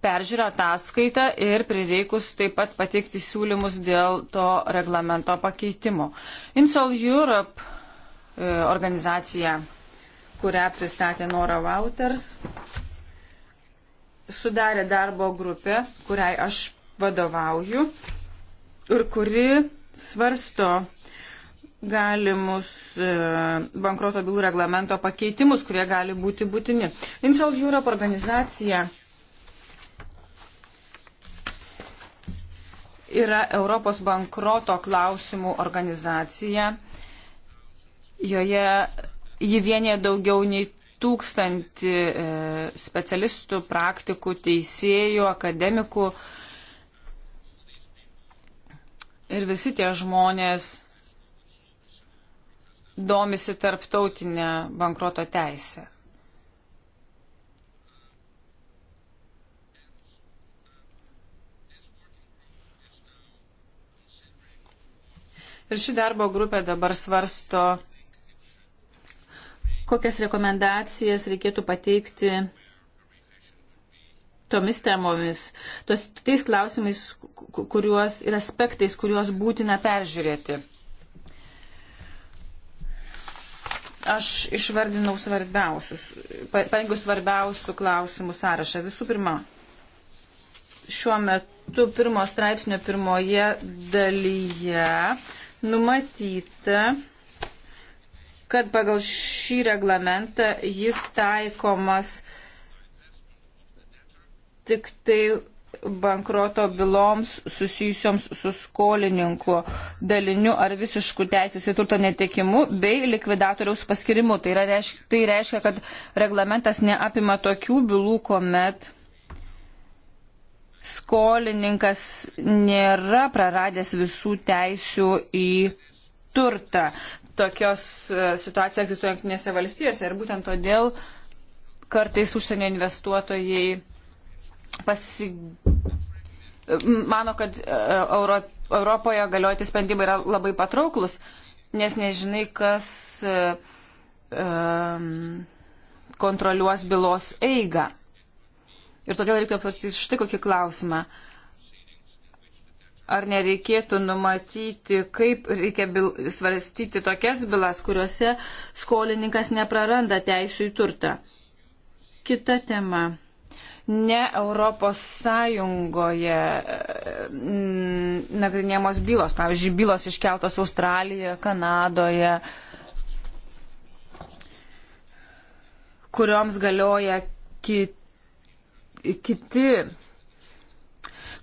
peržiūrę ataskaitą ir prireikus taip pat pateikti siūlymus dėl to reglamento pakeitimo. Insol Europe e, organizacija, kurią pristatė Nora Wouters, sudarė darbo grupę, kuriai aš vadovauju ir kuri svarsto galimus e, bankroto bylų reglamento pakeitimus, kurie gali būti būtini. Insol Europe organizacija yra Europos bankroto klausimų organizacija. Joje ji vienė daugiau nei tūkstantį e, specialistų, praktikų, teisėjų, akademikų. Ir visi tie žmonės domisi tarptautinę bankroto teisę. Ir ši darbo grupė dabar svarsto, kokias rekomendacijas reikėtų pateikti tomis temomis, tos, tais klausimais kuriuos, ir aspektais, kuriuos būtina peržiūrėti. Aš išvardinau svarbiausius, parengiau svarbiausių klausimų sąrašą. Visų pirma, šiuo metu pirmo straipsnio pirmoje dalyje numatyta, kad pagal šį reglamentą jis taikomas tik tai bankroto byloms susijusioms su skolininku daliniu ar visišku teisės į turto netekimu bei likvidatoriaus paskirimu. Tai, reiškia, tai reiškia, kad reglamentas neapima tokių bylų, kuomet skolininkas nėra praradęs visų teisių į turtą. Tokios e, situacija egzistuoja Junktinėse valstijose ir būtent todėl kartais užsienio investuotojai pasi... mano, kad e, Euro... Europoje galioti sprendimai yra labai patrauklus, nes nežinai, kas um, kontroliuos bylos eigą. Ir todėl reikia apsvarstyti štai kokį klausimą. Ar nereikėtų numatyti, kaip reikia bil, svarstyti tokias bylas, kuriuose skolininkas nepraranda teisų į turtą? Kita tema ne Europos Sąjungoje e, nagrinėjamos bylos, pavyzdžiui, bylos iškeltos Australijoje, Kanadoje, kurioms galioja kit, kiti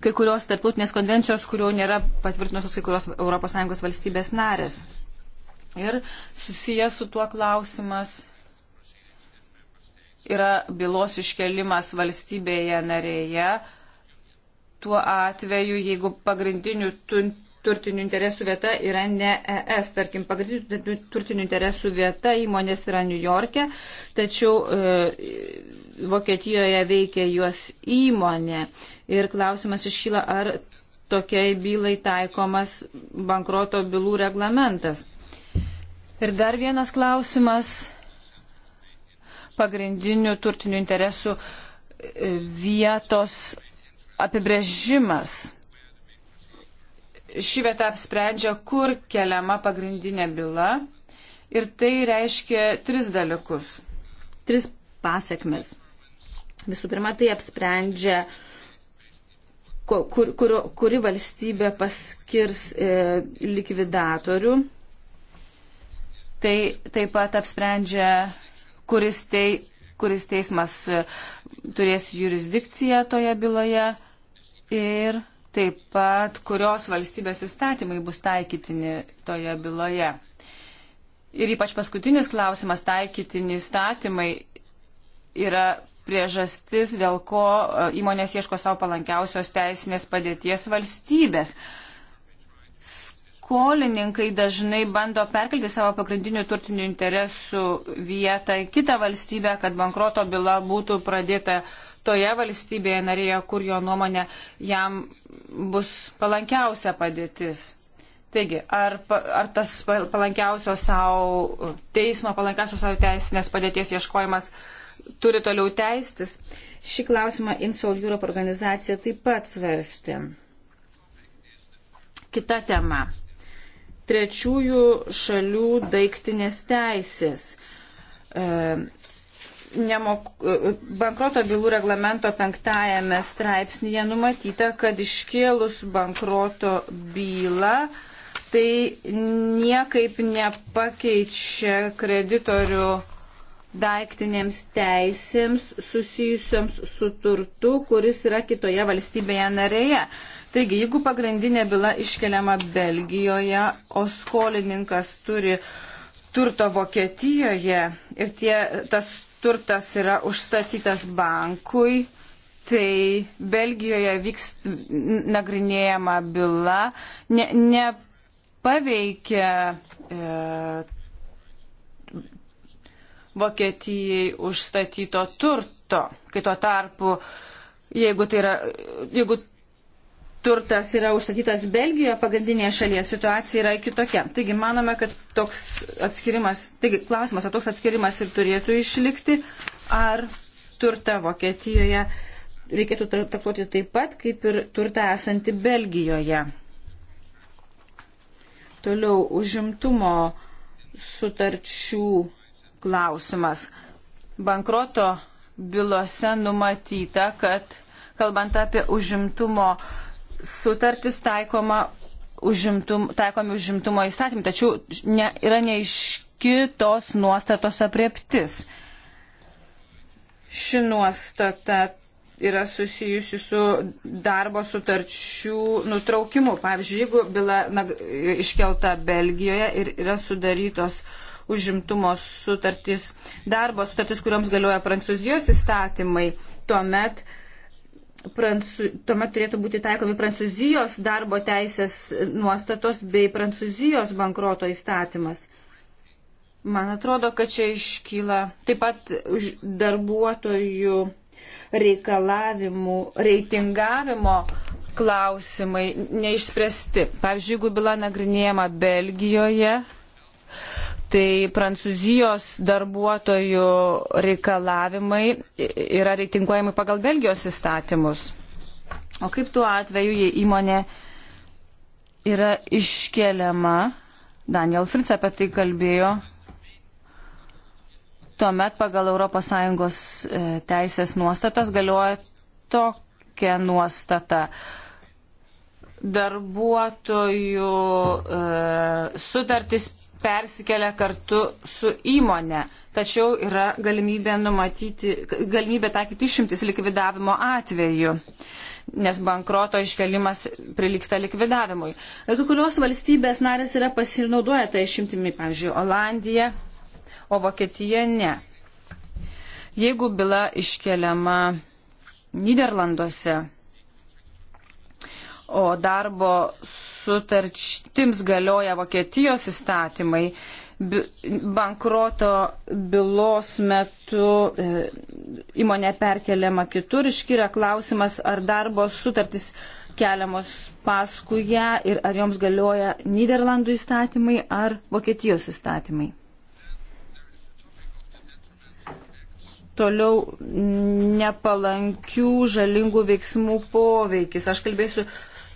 kai kurios tarptautinės konvencijos, kurio nėra patvirtinusios kai kurios ES valstybės narės. Ir susijęs su tuo klausimas yra bylos iškelimas valstybėje narėje, tuo atveju, jeigu pagrindinių turtinių interesų vieta yra ne ES. Tarkim, pagrindinių turtinių interesų vieta įmonės yra New York'e, tačiau e, Vokietijoje veikia juos įmonė. Ir klausimas iškyla, ar tokiai bylai taikomas bankroto bylų reglamentas. Ir dar vienas klausimas pagrindinių turtinių interesų e, vietos apibrėžimas ši vieta apsprendžia, kur keliama pagrindinė byla. Ir tai reiškia tris dalykus. Tris pasiekmes. Visų pirma, tai apsprendžia, kur, kur, kuri valstybė paskirs e, likvidatorių. Tai taip pat apsprendžia, kuris, tei, kuris teismas e, turės jurisdikciją toje byloje. Ir taip pat kurios valstybės įstatymai bus taikytini toje byloje. Ir ypač paskutinis klausimas taikytini įstatymai yra priežastis, dėl ko e, įmonės ieško savo palankiausios teisinės padėties valstybės skolininkai dažnai bando perkelti savo pagrindinių turtinių interesų vietą į kitą valstybę, kad bankroto byla būtų pradėta toje valstybėje narėje, kur jo nuomonė jam bus palankiausia padėtis. Taigi, ar, ar tas palankiausios savo teismo, palankiausios savo teisinės padėties ieškojimas turi toliau teistis? Šį klausimą Insol Europe organizacija taip pat svarstė. Kita tema. Trečiųjų šalių daiktinės teisės. E, nemok... bankroto bylų reglamento penktajame straipsnėje numatyta, kad iškėlus bankroto bylą, tai niekaip nepakeičia kreditorių daiktinėms teisėms susijusiams su turtu, kuris yra kitoje valstybėje narėje. Taigi, jeigu pagrindinė byla iškeliama Belgijoje, o skolininkas turi turto Vokietijoje ir tie, tas turtas yra užstatytas bankui, tai Belgijoje vyks nagrinėjama byla, nepaveikia ne, ne e, Vokietijai užstatyto turto, kai tuo tarpu, jeigu tai yra, jeigu turtas yra užstatytas Belgijoje, pagrindinėje šalyje situacija yra kitokia. Taigi manome, kad toks atskirimas, taigi klausimas, ar toks atskirimas ir turėtų išlikti, ar turtą Vokietijoje reikėtų traktuoti taip pat, kaip ir turtą esanti Belgijoje. Toliau užimtumo sutarčių klausimas. Bankroto bylose numatyta, kad kalbant apie užimtumo uh, sutartis taikoma užimtum, taikomi užimtumo įstatymai, tačiau ne, yra neiški tos nuostatos apreptis. Ši nuostata yra susijusi su darbo sutarčių nutraukimu. Pavyzdžiui, jeigu byla na, iškelta Belgijoje ir yra sudarytos užimtumo sutartys, darbo sutartys, kuriuoms galioja prancūzijos įstatymai, tuomet uh, Prancū... tuomet turėtų būti taikomi Prancūzijos darbo teisės nuostatos bei Prancūzijos bankroto įstatymas. Man atrodo, kad čia iškyla taip pat darbuotojų reikalavimų, reitingavimo klausimai neišspręsti. Pavyzdžiui, jeigu byla nagrinėjama Belgijoje, tai Prancūzijos darbuotojų reikalavimai yra reitinguojami pagal Belgijos įstatymus. O kaip tuo atveju, jei įmonė yra iškeliama, Daniel Fritz apie tai kalbėjo, tuomet pagal ES e, teisės nuostatas galioja tokia nuostata darbuotojų e, sutartis persikelia kartu su įmonė, tačiau yra galimybė, numatyti, galimybė taikyti išimtis likvidavimo atveju, nes bankroto iškelimas priliksta likvidavimui. Ir kai kurios valstybės narės yra pasinaudoję tą išimtimį, pavyzdžiui, Olandija, o Vokietija ne. Jeigu byla iškeliama Niderlanduose, o darbo sutartims galioja Vokietijos įstatymai. Bankroto bylos metu e, įmonė perkeliama kitur, iškyra klausimas, ar darbo sutartis keliamos paskui ją ir ar joms galioja Niderlandų įstatymai ar Vokietijos įstatymai. Toliau nepalankių žalingų veiksmų poveikis. Aš kalbėsiu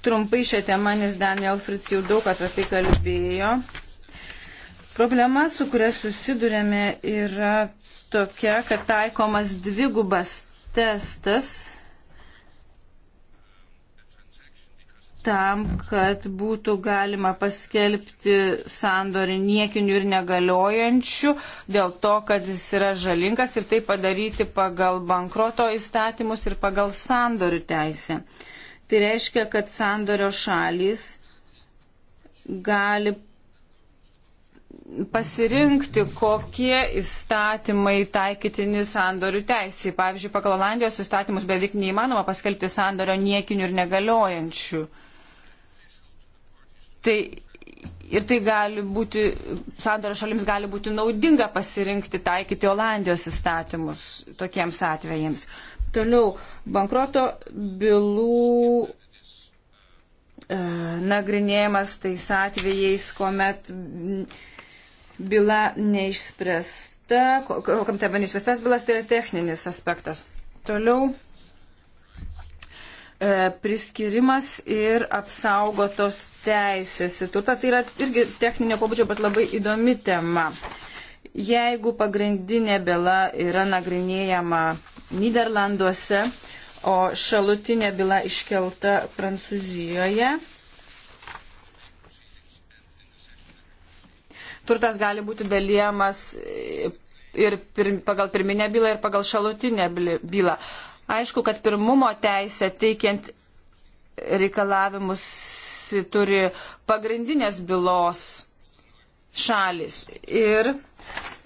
trumpai šią temą, nes Daniel Fritz jau daug apie tai kalbėjo. Problema, su kuria susidurėme, yra tokia, kad taikomas dvigubas testas tam, kad būtų galima paskelbti sandorį niekiniu ir negaliojančiu dėl to, kad jis yra žalingas ir tai padaryti pagal bankroto įstatymus ir pagal sandorių teisę. Uh, Tai reiškia, kad sandorio šalys gali pasirinkti, kokie įstatymai taikytini sandorių teisai. Pavyzdžiui, pagal Olandijos įstatymus beveik neįmanoma paskelbti sandorio niekinių ir negaliojančių. Tai ir tai gali būti, sandorio šalims gali būti naudinga pasirinkti taikyti Olandijos įstatymus tokiems atvejams. Uh, Toliau, bankroto bylų e, nagrinėjimas tais atvejais, kuomet byla neišspręsta, kuomet arba neišspręstas bylas, tai yra techninis aspektas. Toliau, e, priskirimas ir apsaugotos teisės į turtą, tai yra irgi techninio pobūdžio, bet labai įdomi tema. Jeigu pagrindinė byla yra nagrinėjama Niderlanduose, o šalutinė byla iškelta Prancūzijoje. Turtas gali būti dalyjamas e, ir pir, pagal pirminę bylą, ir pagal šalutinę bylą. Aišku, kad pirmumo teisė teikiant reikalavimus turi pagrindinės bylos šalis. Ir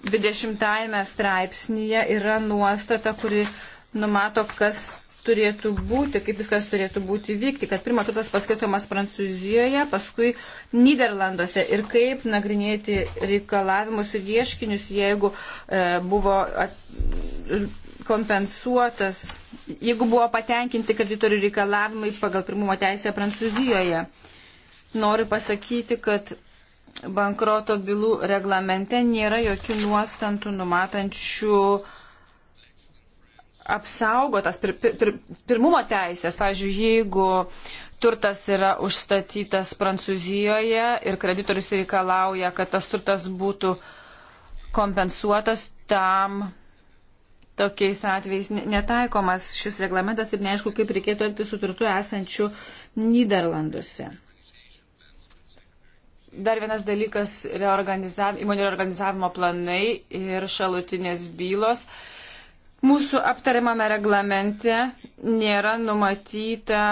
20 straipsnėje yra nuostata, kuri numato, kas turėtų būti, kaip viskas turėtų būti vykti, kad pirmą turtas paskirstomas Prancūzijoje, paskui Niderlanduose ir kaip nagrinėti reikalavimus ir ieškinius, jeigu e, buvo at, kompensuotas, jeigu buvo patenkinti kreditorių reikalavimai pagal pirmumo teisę Prancūzijoje. Noriu pasakyti, kad bankroto bylų reglamente nėra jokių nuostantų numatančių apsaugotas pir, pir, pir, pirmumo teisės. Pavyzdžiui, jeigu turtas yra užstatytas Prancūzijoje ir kreditorius reikalauja, kad tas turtas būtų kompensuotas tam. Tokiais atvejais netaikomas šis reglamentas ir neaišku, kaip reikėtų elgtis su turtu esančiu Niderlanduose. Dar vienas dalykas reorganizav, - įmonių reorganizavimo planai ir šalutinės bylos. Mūsų aptariamame reglamente nėra numatyta,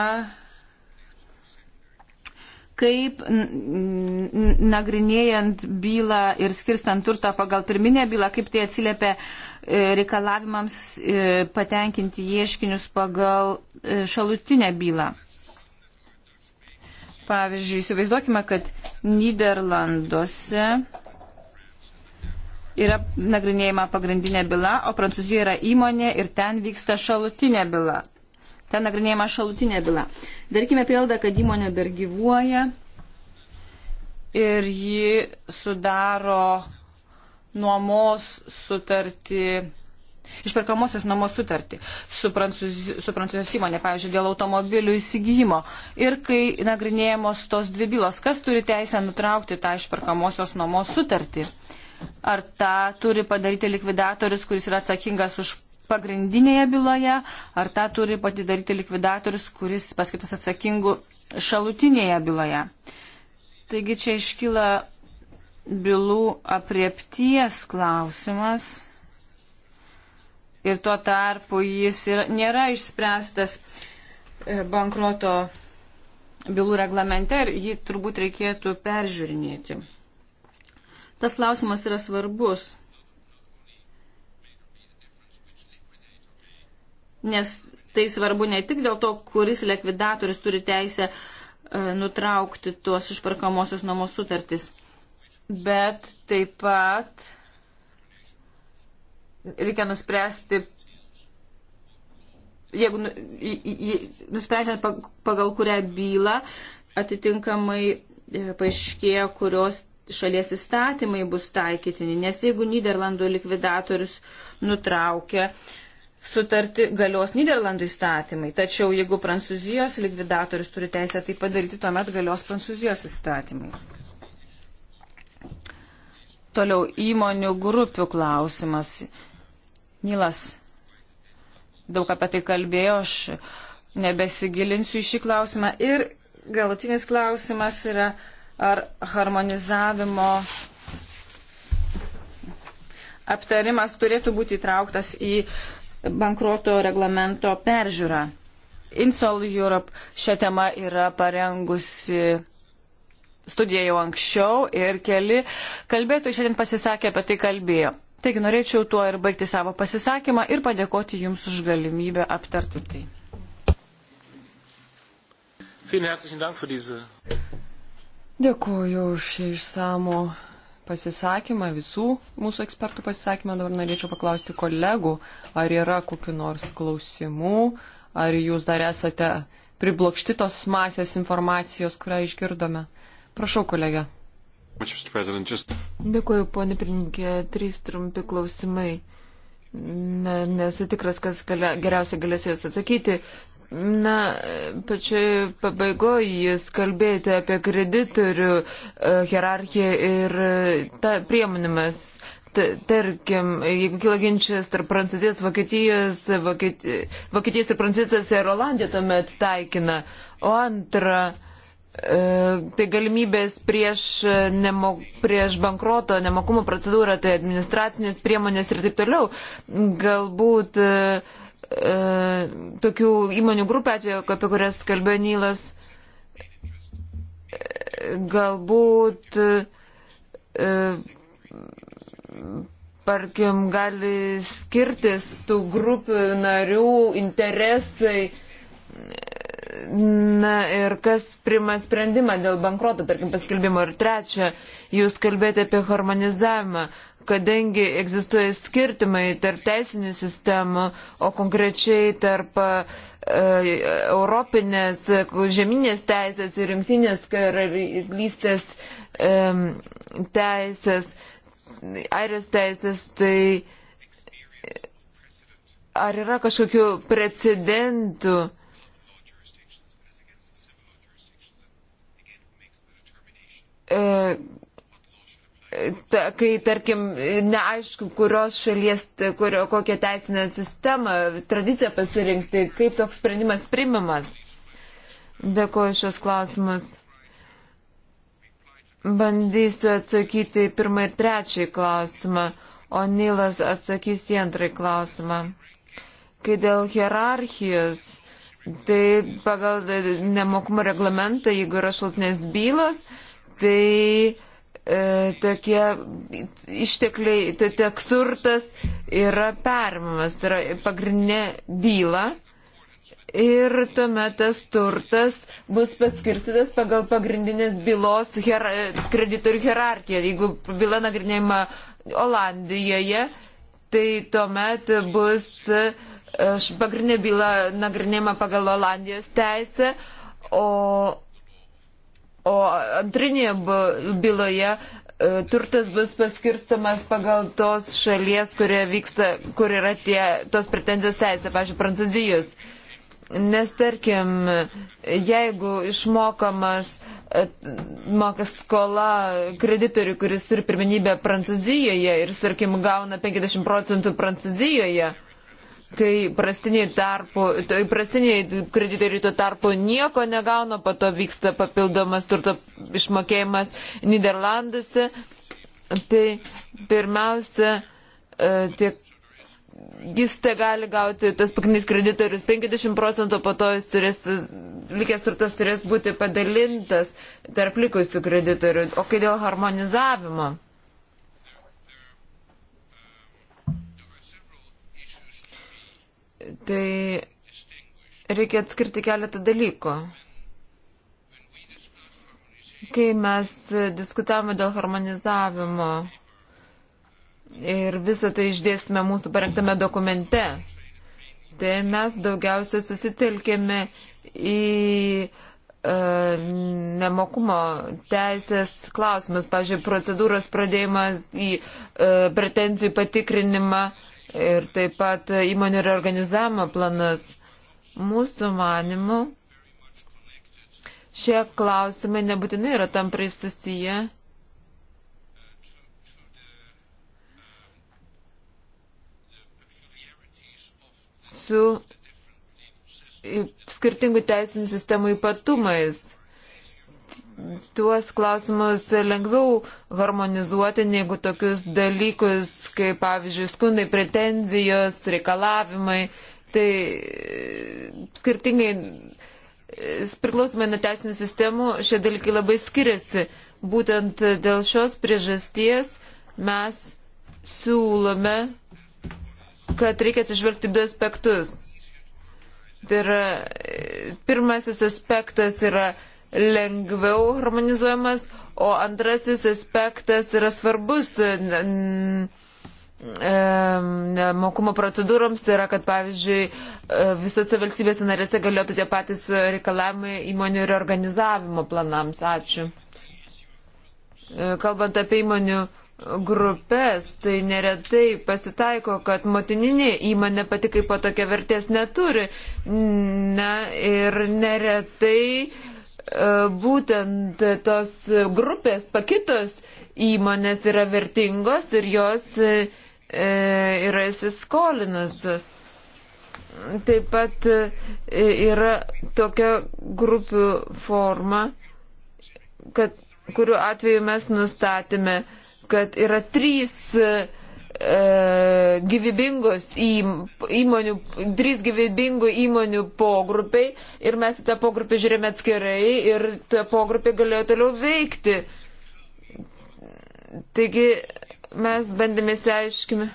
kaip nagrinėjant bylą ir skirstant turtą pagal pirminę bylą, kaip tai atsiliepia e, reikalavimams e, patenkinti ieškinius pagal e, šalutinę bylą. Pavyzdžiui, įsivaizduokime, kad Niderlanduose yra nagrinėjama pagrindinė byla, o Prancūzijoje yra įmonė ir ten vyksta šalutinė byla. Ten nagrinėjama šalutinė byla. Darkime prielaidą, kad įmonė dar gyvuoja ir ji sudaro nuomos sutartį išperkamosios nuomos sutartį su, prancūz, su prancūzijos įmonė, pavyzdžiui, dėl automobilių įsigijimo. Ir kai nagrinėjamos tos dvi bylos, kas turi teisę nutraukti tą išperkamosios nuomos sutartį? Ar tą turi padaryti likvidatorius, kuris yra atsakingas už pagrindinėje byloje, ar tą turi padaryti likvidatorius, kuris paskirtas atsakingu šalutinėje byloje? Taigi čia iškyla bylų apriepties klausimas ir tuo tarpu jis yra, nėra išspręstas e, bankroto bylų reglamente ir jį turbūt reikėtų peržiūrinėti. Tas klausimas yra svarbus, nes tai svarbu ne tik dėl to, kuris likvidatorius turi teisę e, nutraukti tuos išparkamosios nuomos sutartis, bet taip pat reikia nuspręsti, jeigu nu, nusprendžiant pagal kurią bylą atitinkamai e, paaiškėja, kurios šalies įstatymai bus taikytini, nes jeigu Niderlandų likvidatorius nutraukia sutarti galios Niderlandų įstatymai, tačiau jeigu Prancūzijos likvidatorius turi teisę tai padaryti, tuomet galios Prancūzijos įstatymai. Toliau įmonių grupių klausimas. Nilas daug apie tai kalbėjo, aš nebesigilinsiu į šį klausimą. Ir galutinis klausimas yra, ar harmonizavimo aptarimas turėtų būti įtrauktas į bankruoto reglamento peržiūrą. Insol Europe šią temą yra parengusi studiją jau anksčiau ir keli kalbėtojai šiandien pasisakė apie tai kalbėjo. Taigi norėčiau tuo ir baigti savo pasisakymą ir padėkoti Jums už galimybę aptarti tai. Dėkuoju už šį išsamų pasisakymą, visų mūsų ekspertų pasisakymą. Dabar norėčiau paklausti kolegų, ar yra kokiu nors klausimų, ar jūs dar esate priblokšti tos masės informacijos, kurią išgirdome. Prašau, kolega. Dėkuoju, ponė Pirinkė, trys trumpi klausimai. Ne, nesu tikras, kas galia, geriausiai galėsiu juos atsakyti. Na, pačioj pabaigoje jūs kalbėjote apie kreditorių e, hierarchiją ir e, ta priemonėmis. Tarkim, jeigu kila ginčas tarp Prancūzijos, Vokietijos, Vokietijos ir Prancūzijos ir Olandija tuomet taikina. O antra, E, tai galimybės prieš, nemo, prieš bankroto nemokumo procedūrą, tai administracinės priemonės ir taip toliau. Galbūt e, e, tokių įmonių grupė atveju, apie kurias kalbėjo Nylas, galbūt, e, parkim, gali skirtis tų grupių narių interesai. E, Na ir kas prima sprendimą dėl bankruoto, tarkim, paskelbimo. Ir trečia, jūs kalbėjote apie harmonizavimą, kadangi egzistuoja skirtimai tarp teisinių sistemų, o konkrečiai tarp e, europinės žeminės teisės ir rinktinės karalystės e, teisės, airijos teisės, tai ar yra kažkokių precedentų? E, ta, kai, tarkim, neaišku, kurios šalies, kurio, kokią teisinę sistemą, tradiciją pasirinkti, kaip toks sprendimas primimas. Dėkuoju šios klausimus. Bandysiu atsakyti į pirmą ir trečią klausimą, o Nilas atsakys į antrąjį klausimą. Kai dėl hierarchijos, tai pagal nemokumo reglamentą, jeigu yra šaltinės bylos, tai e, tokie ištekliai, tai tiek turtas yra perimamas, tai yra pagrindinė byla. Ir tuomet tas turtas bus paskirstytas pagal pagrindinės bylos hier, kreditorių hierarchiją. Jeigu byla nagrinėjama Olandijoje, tai tuomet bus e, pagrindinė byla nagrinėjama pagal Olandijos teisę, o o antrinėje byloje e, turtas bus paskirstamas pagal tos šalies, vyksta, kur yra tie, tos pretenzijos teisė, pažiūrėjau, Prancūzijos. Nes tarkim, jeigu išmokamas e, mokas skola kreditoriui, kuris turi pirmenybę Prancūzijoje ir, tarkim, gauna 50 procentų Prancūzijoje, kai prastiniai, tarpu, tai prastiniai kreditoriai tuo tarpu nieko negauna, po to vyksta papildomas turto išmokėjimas Niderlanduose. Tai pirmiausia, e, tiek jis te gali gauti, tas pagrindinis kreditorius, 50 procentų po to jis turės, likęs turtas turės būti padalintas tarp likusių kreditorių. O kai dėl harmonizavimo? tai reikia atskirti keletą dalykų. Kai mes diskutavome dėl harmonizavimo ir visą tai išdėsime mūsų parengtame dokumente, tai mes daugiausia susitelkėme į e, nemokumo teisės klausimus, pažiūrėjau, procedūros pradėjimas į e, pretenzijų patikrinimą, ir taip pat įmonių reorganizavimo planus. Mūsų manimu, šie klausimai nebūtinai yra tamprai susiję. su skirtingų teisinių sistemų ypatumais tuos klausimus lengviau harmonizuoti, negu tokius dalykus, kaip pavyzdžiui, skundai, pretenzijos, reikalavimai. Tai e, skirtingai, e, priklausomai nuo teisinių sistemų, šie dalykai labai skiriasi. Būtent dėl šios priežasties mes siūlome, kad reikia atsižvelgti du aspektus. Tai yra, e, pirmasis aspektas yra lengviau harmonizuojamas, o antrasis aspektas yra svarbus mokumo procedūroms, tai yra, kad pavyzdžiui e, visose valstybėse narėse galėtų tie patys reikalavimai įmonių ir organizavimo planams. Ačiū. E, kalbant apie įmonių grupės, tai neretai pasitaiko, kad motininė įmonė pati kaip po tokia vertės neturi. Na ir neretai uh, E, būtent tos grupės pakitos įmonės yra vertingos ir jos e, e, yra įsiskolinusios. Taip pat yra tokia grupių forma, kad, kuriuo atveju mes nustatėme, kad yra trys uh, E, gyvybingos įmonių, trys gyvybingų įmonių pogrupiai ir mes tą pogrupį žiūrėjome atskirai ir tą pogrupį galėjo toliau veikti. Taigi mes bandėme įsiaiškime.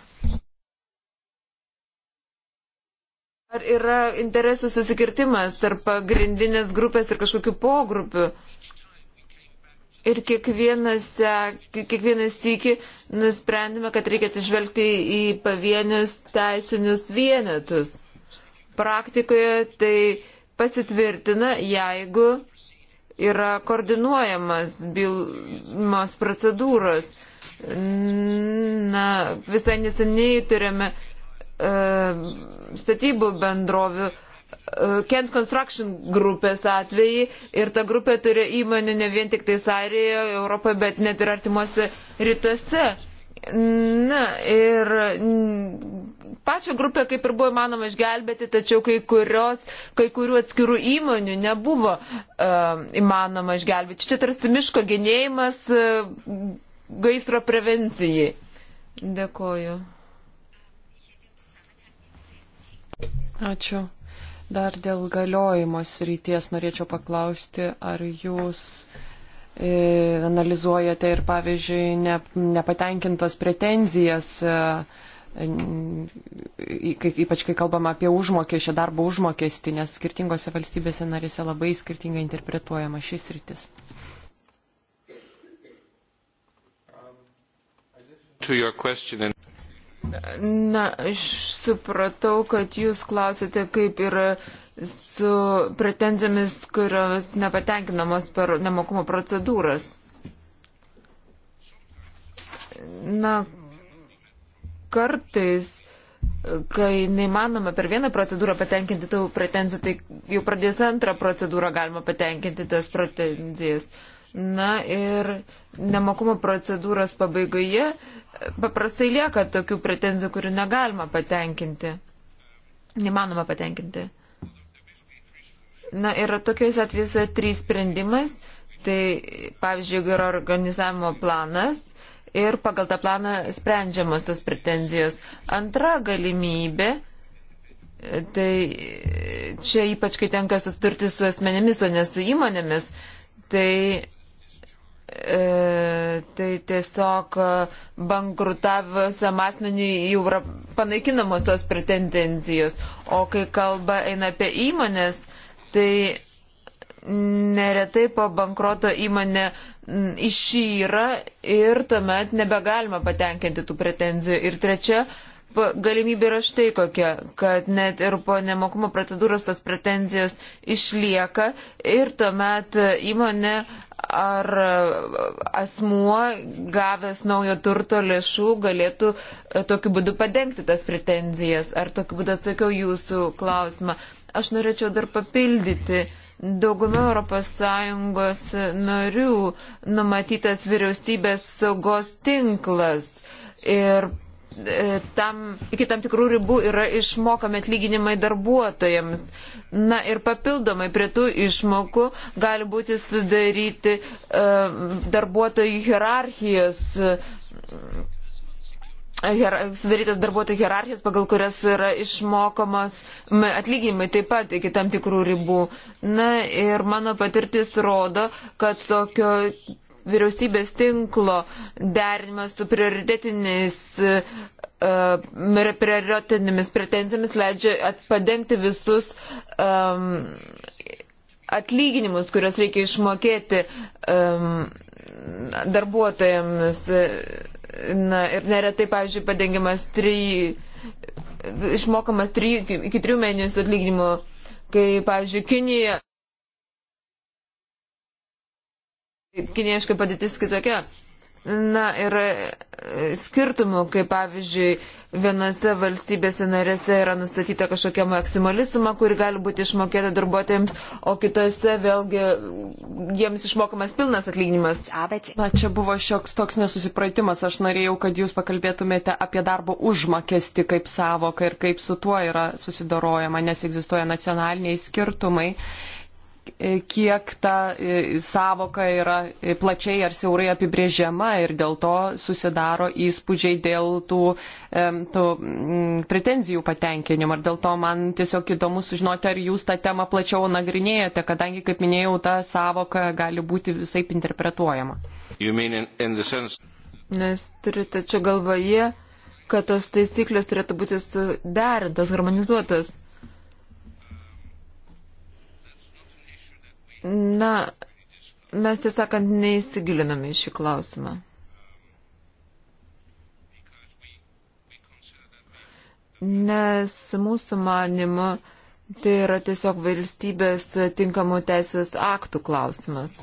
Ar yra interesų susikirtimas tarp pagrindinės grupės ir kažkokių pogrupių? Ir kiekvienas, e, kiekvienas sėki nusprendėme, kad reikia atsižvelgti į pavienius teisinius vienetus. Praktikoje tai pasitvirtina, jeigu yra koordinuojamas bylos procedūros. Na, visai neseniai turėjome e, statybų bendrovių Kent Construction grupės atvejį ir ta grupė turi įmonių ne vien tik tai Airijoje, Europoje, bet net ir artimuose rytuose. Na ir pačią grupę kaip ir buvo įmanoma išgelbėti, tačiau kai, kurios, kai kurių atskirų įmonių nebuvo uh, įmanoma išgelbėti. Čia tarsi miško genėjimas uh, gaisro prevencijai. Dėkoju. Ačiū. Dar dėl galiojimo srities norėčiau paklausti, ar jūs e, analizuojate ir, pavyzdžiui, ne, nepatenkintas pretenzijas, e, kai, ypač kai kalbama apie užmokesčią, darbo užmokestį, nes skirtingose valstybėse narėse labai skirtingai interpretuojama šis rytis. To your question and Na, aš supratau, kad jūs klausėte, kaip yra su pretenzijomis, kurios nepatenkinamos per nemokumo procedūras. Na, kartais, kai neįmanoma per vieną procedūrą patenkinti tų pretenzijų, tai jau pradės antrą procedūrą galima patenkinti tas pretenzijas. Na ir nemokumo procedūros pabaigoje paprastai lieka tokių pretenzijų, kurių negalima patenkinti, nemanoma patenkinti. Na ir tokiais atvejais trys sprendimas, tai pavyzdžiui, yra organizavimo planas ir pagal tą planą sprendžiamos tos pretenzijos. Antra galimybė, tai čia ypač kai tenka susidurti su asmenimis, o ne su įmonėmis, tai e, tai tiesiog bankrutavusiam asmeniui jau yra panaikinamos tos pretendencijos. O kai kalba eina apie įmonės, tai neretai po bankroto įmonė išyra ir tuomet nebegalima patenkinti tų pretenzijų. Ir trečia, galimybė yra štai kokia, kad net ir po nemokumo procedūros tas pretenzijos išlieka ir tuomet įmonė ar asmuo gavęs naujo turto lėšų galėtų e, tokiu būdu padengti tas pretenzijas. Ar tokiu būdu atsakiau jūsų klausimą? Aš norėčiau dar papildyti. Dauguma ES narių numatytas vyriausybės saugos tinklas ir e, tam, iki tam tikrų ribų yra išmokami atlyginimai darbuotojams. Na ir papildomai prie tų išmokų gali būti sudaryti e, darbuotojų hierarchijos. E, Hier, sudarytas darbuotojų hierarchijas, pagal kurias yra išmokamos atlyginimai taip pat iki tam tikrų ribų. Na ir mano patirtis rodo, kad tokio vyriausybės tinklo derinimas su prioritetiniais e, E, prioritetinėmis pretenzijomis leidžia padengti visus um, atlyginimus, kuriuos reikia išmokėti um, darbuotojams. Na, ir neretai, pavyzdžiui, padengiamas trijų, išmokamas trijų, iki trijų mėnesių atlyginimų, kai, pavyzdžiui, Kinija. Kinieškai padėtis kitokia. Na ir e, skirtumų, kaip pavyzdžiui, vienose valstybėse narėse yra nustatyta kažkokia maksimali suma, kuri gali būti išmokėta darbuotojams, o kitose vėlgi jiems išmokamas pilnas atlyginimas. Na, čia buvo šioks toks nesusipratimas. Aš norėjau, kad jūs pakalbėtumėte apie darbo užmokestį kaip savoką ir kaip su tuo yra susidorojama, nes egzistuoja nacionaliniai skirtumai kiek ta e, savoka yra e, plačiai ar siaurai apibrėžiama ir dėl to susidaro įspūdžiai dėl tų, tų mm, pretenzijų patenkinimo. Ir dėl to man tiesiog įdomu sužinoti, ar jūs tą temą plačiau nagrinėjate, kadangi, kaip minėjau, ta savoka gali būti visai interpretuojama. In, in sense... Nes turite čia galvoje, kad tos taisyklės turėtų būti suderintas, harmonizuotas. Na, mes tiesąkant neįsigiliname į šį klausimą. Nes mūsų manimu tai yra tiesiog valstybės tinkamų teisės aktų klausimas.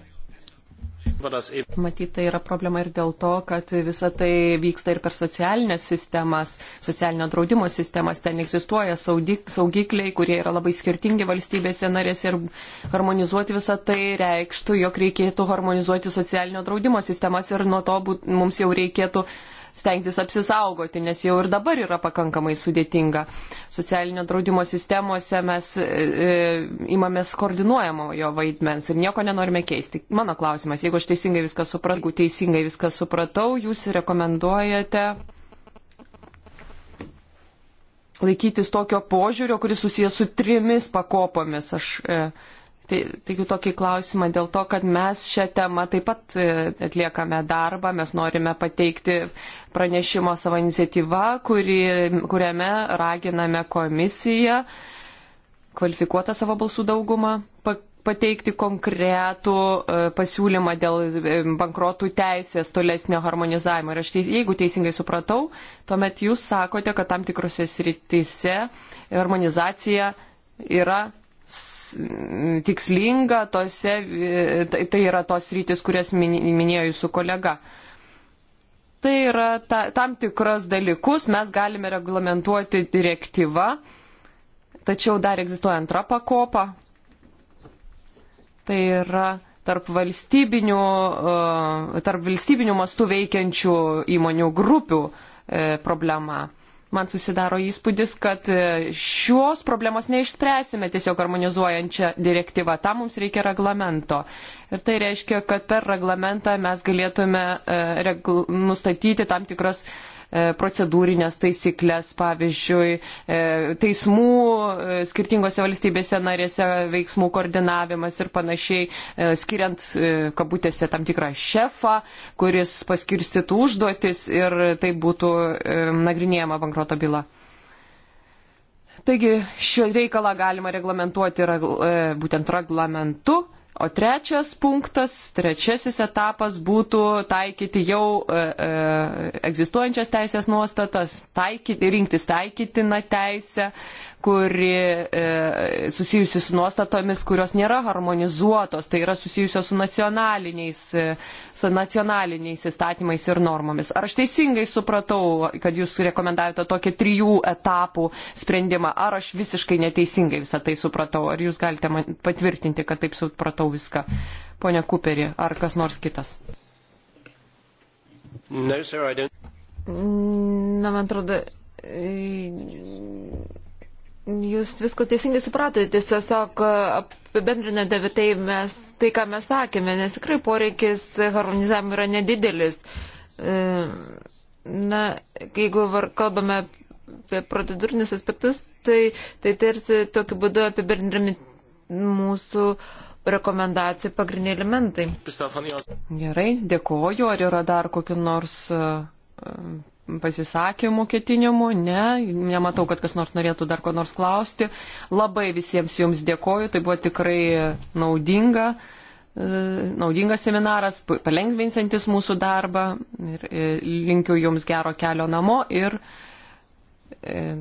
Matyt, tai yra problema ir dėl to, kad visa tai vyksta ir per socialinės sistemas, socialinio draudimo sistemas. Ten egzistuoja saugikliai, kurie yra labai skirtingi valstybėse narėse ir harmonizuoti visą tai reikštų, jog reikėtų harmonizuoti socialinio draudimo sistemas ir nuo to būt, mums jau reikėtų stengtis apsisaugoti, nes jau ir dabar yra pakankamai sudėtinga. Socialinio draudimo sistemose mes e, e imamės koordinuojamojo vaidmens ir nieko nenorime keisti. Mano klausimas, jeigu aš teisingai viską supratau, jeigu teisingai viską supratau, jūs rekomenduojate laikytis tokio požiūrio, kuris susijęs su trimis pakopomis. Aš, e, Tai, tai jų tokį klausimą dėl to, kad mes šią temą taip pat e, atliekame darbą, mes norime pateikti pranešimo savo iniciatyvą, kuri, kuriame raginame komisiją kvalifikuotą savo balsų daugumą pateikti konkretų e, pasiūlymą dėl e, bankrotų teisės tolesnio harmonizavimo. Ir aš teis, jeigu teisingai supratau, tuomet jūs sakote, kad tam tikrose sritise harmonizacija yra tikslinga tose, tai, tai yra tos rytis, kurias minėjo jūsų kolega. Tai yra ta, tam tikras dalykus mes galime reglamentuoti direktyvą, tačiau dar egzistuoja antra pakopa. Tai yra tarp valstybinių, tarp valstybinių mastų veikiančių įmonių grupių e, problema man susidaro įspūdis, kad e, šios problemos neišspręsime tiesiog harmonizuojančią direktyvą. Tam mums reikia reglamento. Ir tai reiškia, kad per reglamentą mes galėtume e, regl nustatyti tam tikras E, procedūrinės taisyklės, pavyzdžiui, e, teismų e, skirtingose valstybėse narėse veiksmų koordinavimas ir panašiai, skiriant kabutėse tam tikrą šefą, kuris paskirstytų užduotis ir tai būtų nagrinėjama bankroto byla. Taigi šio reikalą galima reglamentuoti būtent reglamentu O trečias punktas, trečiasis etapas būtų taikyti jau e, e, egzistuojančias teisės nuostatas, taikyti, rinktis taikytiną teisę, kuri e, susijusi su nuostatomis, kurios nėra harmonizuotos, tai yra susijusios su nacionaliniais, e, su nacionaliniais įstatymais ir normomis. Ar aš teisingai supratau, kad jūs rekomendavote tokį trijų etapų sprendimą, ar aš visiškai neteisingai visą tai supratau, ar jūs galite man patvirtinti, kad taip supratau viską, ponia Kuperi, ar kas nors kitas? No, sir, Na, man atrodo, Jūs visko teisingai supratote, tiesiog e, apibendrinate tai, mes, tai, ką mes sakėme, nes tikrai poreikis harmonizavimui yra nedidelis. E, na, jeigu kalbame apie procedūrinius aspektus, tai, tai tarsi tokiu būdu apibendrinami mūsų rekomendacijų pagrindiniai elementai. Gerai, dėkoju. Ar yra dar kokiu nors e, pasisakymų, ketinimų, ne, nematau, kad kas nors norėtų dar ko nors klausti. Labai visiems jums dėkoju, tai buvo tikrai naudinga, e, naudingas seminaras, palengvinsantis mūsų darbą ir e, linkiu jums gero kelio namo ir e,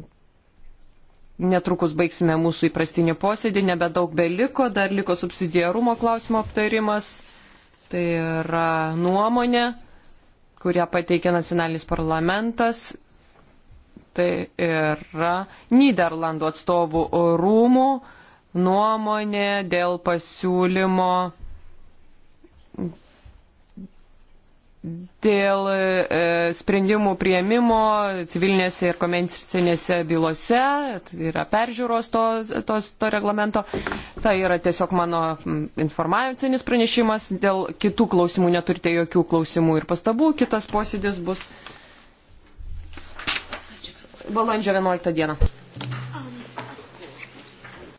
netrukus baigsime mūsų įprastinį posėdį, nebedaug beliko, dar liko subsidiarumo klausimo aptarimas, tai yra nuomonė kurią pateikė nacionalinis parlamentas. Tai yra Niderlandų atstovų rūmų nuomonė dėl pasiūlymo dėl e, sprendimų prieimimo civilinėse ir komercinėse bylose, tai yra peržiūros to, to, to reglamento. Tai yra tiesiog mano informacinis pranešimas. Dėl kitų klausimų neturite jokių klausimų ir pastabų. Kitas posėdis bus balandžio 11 dieną.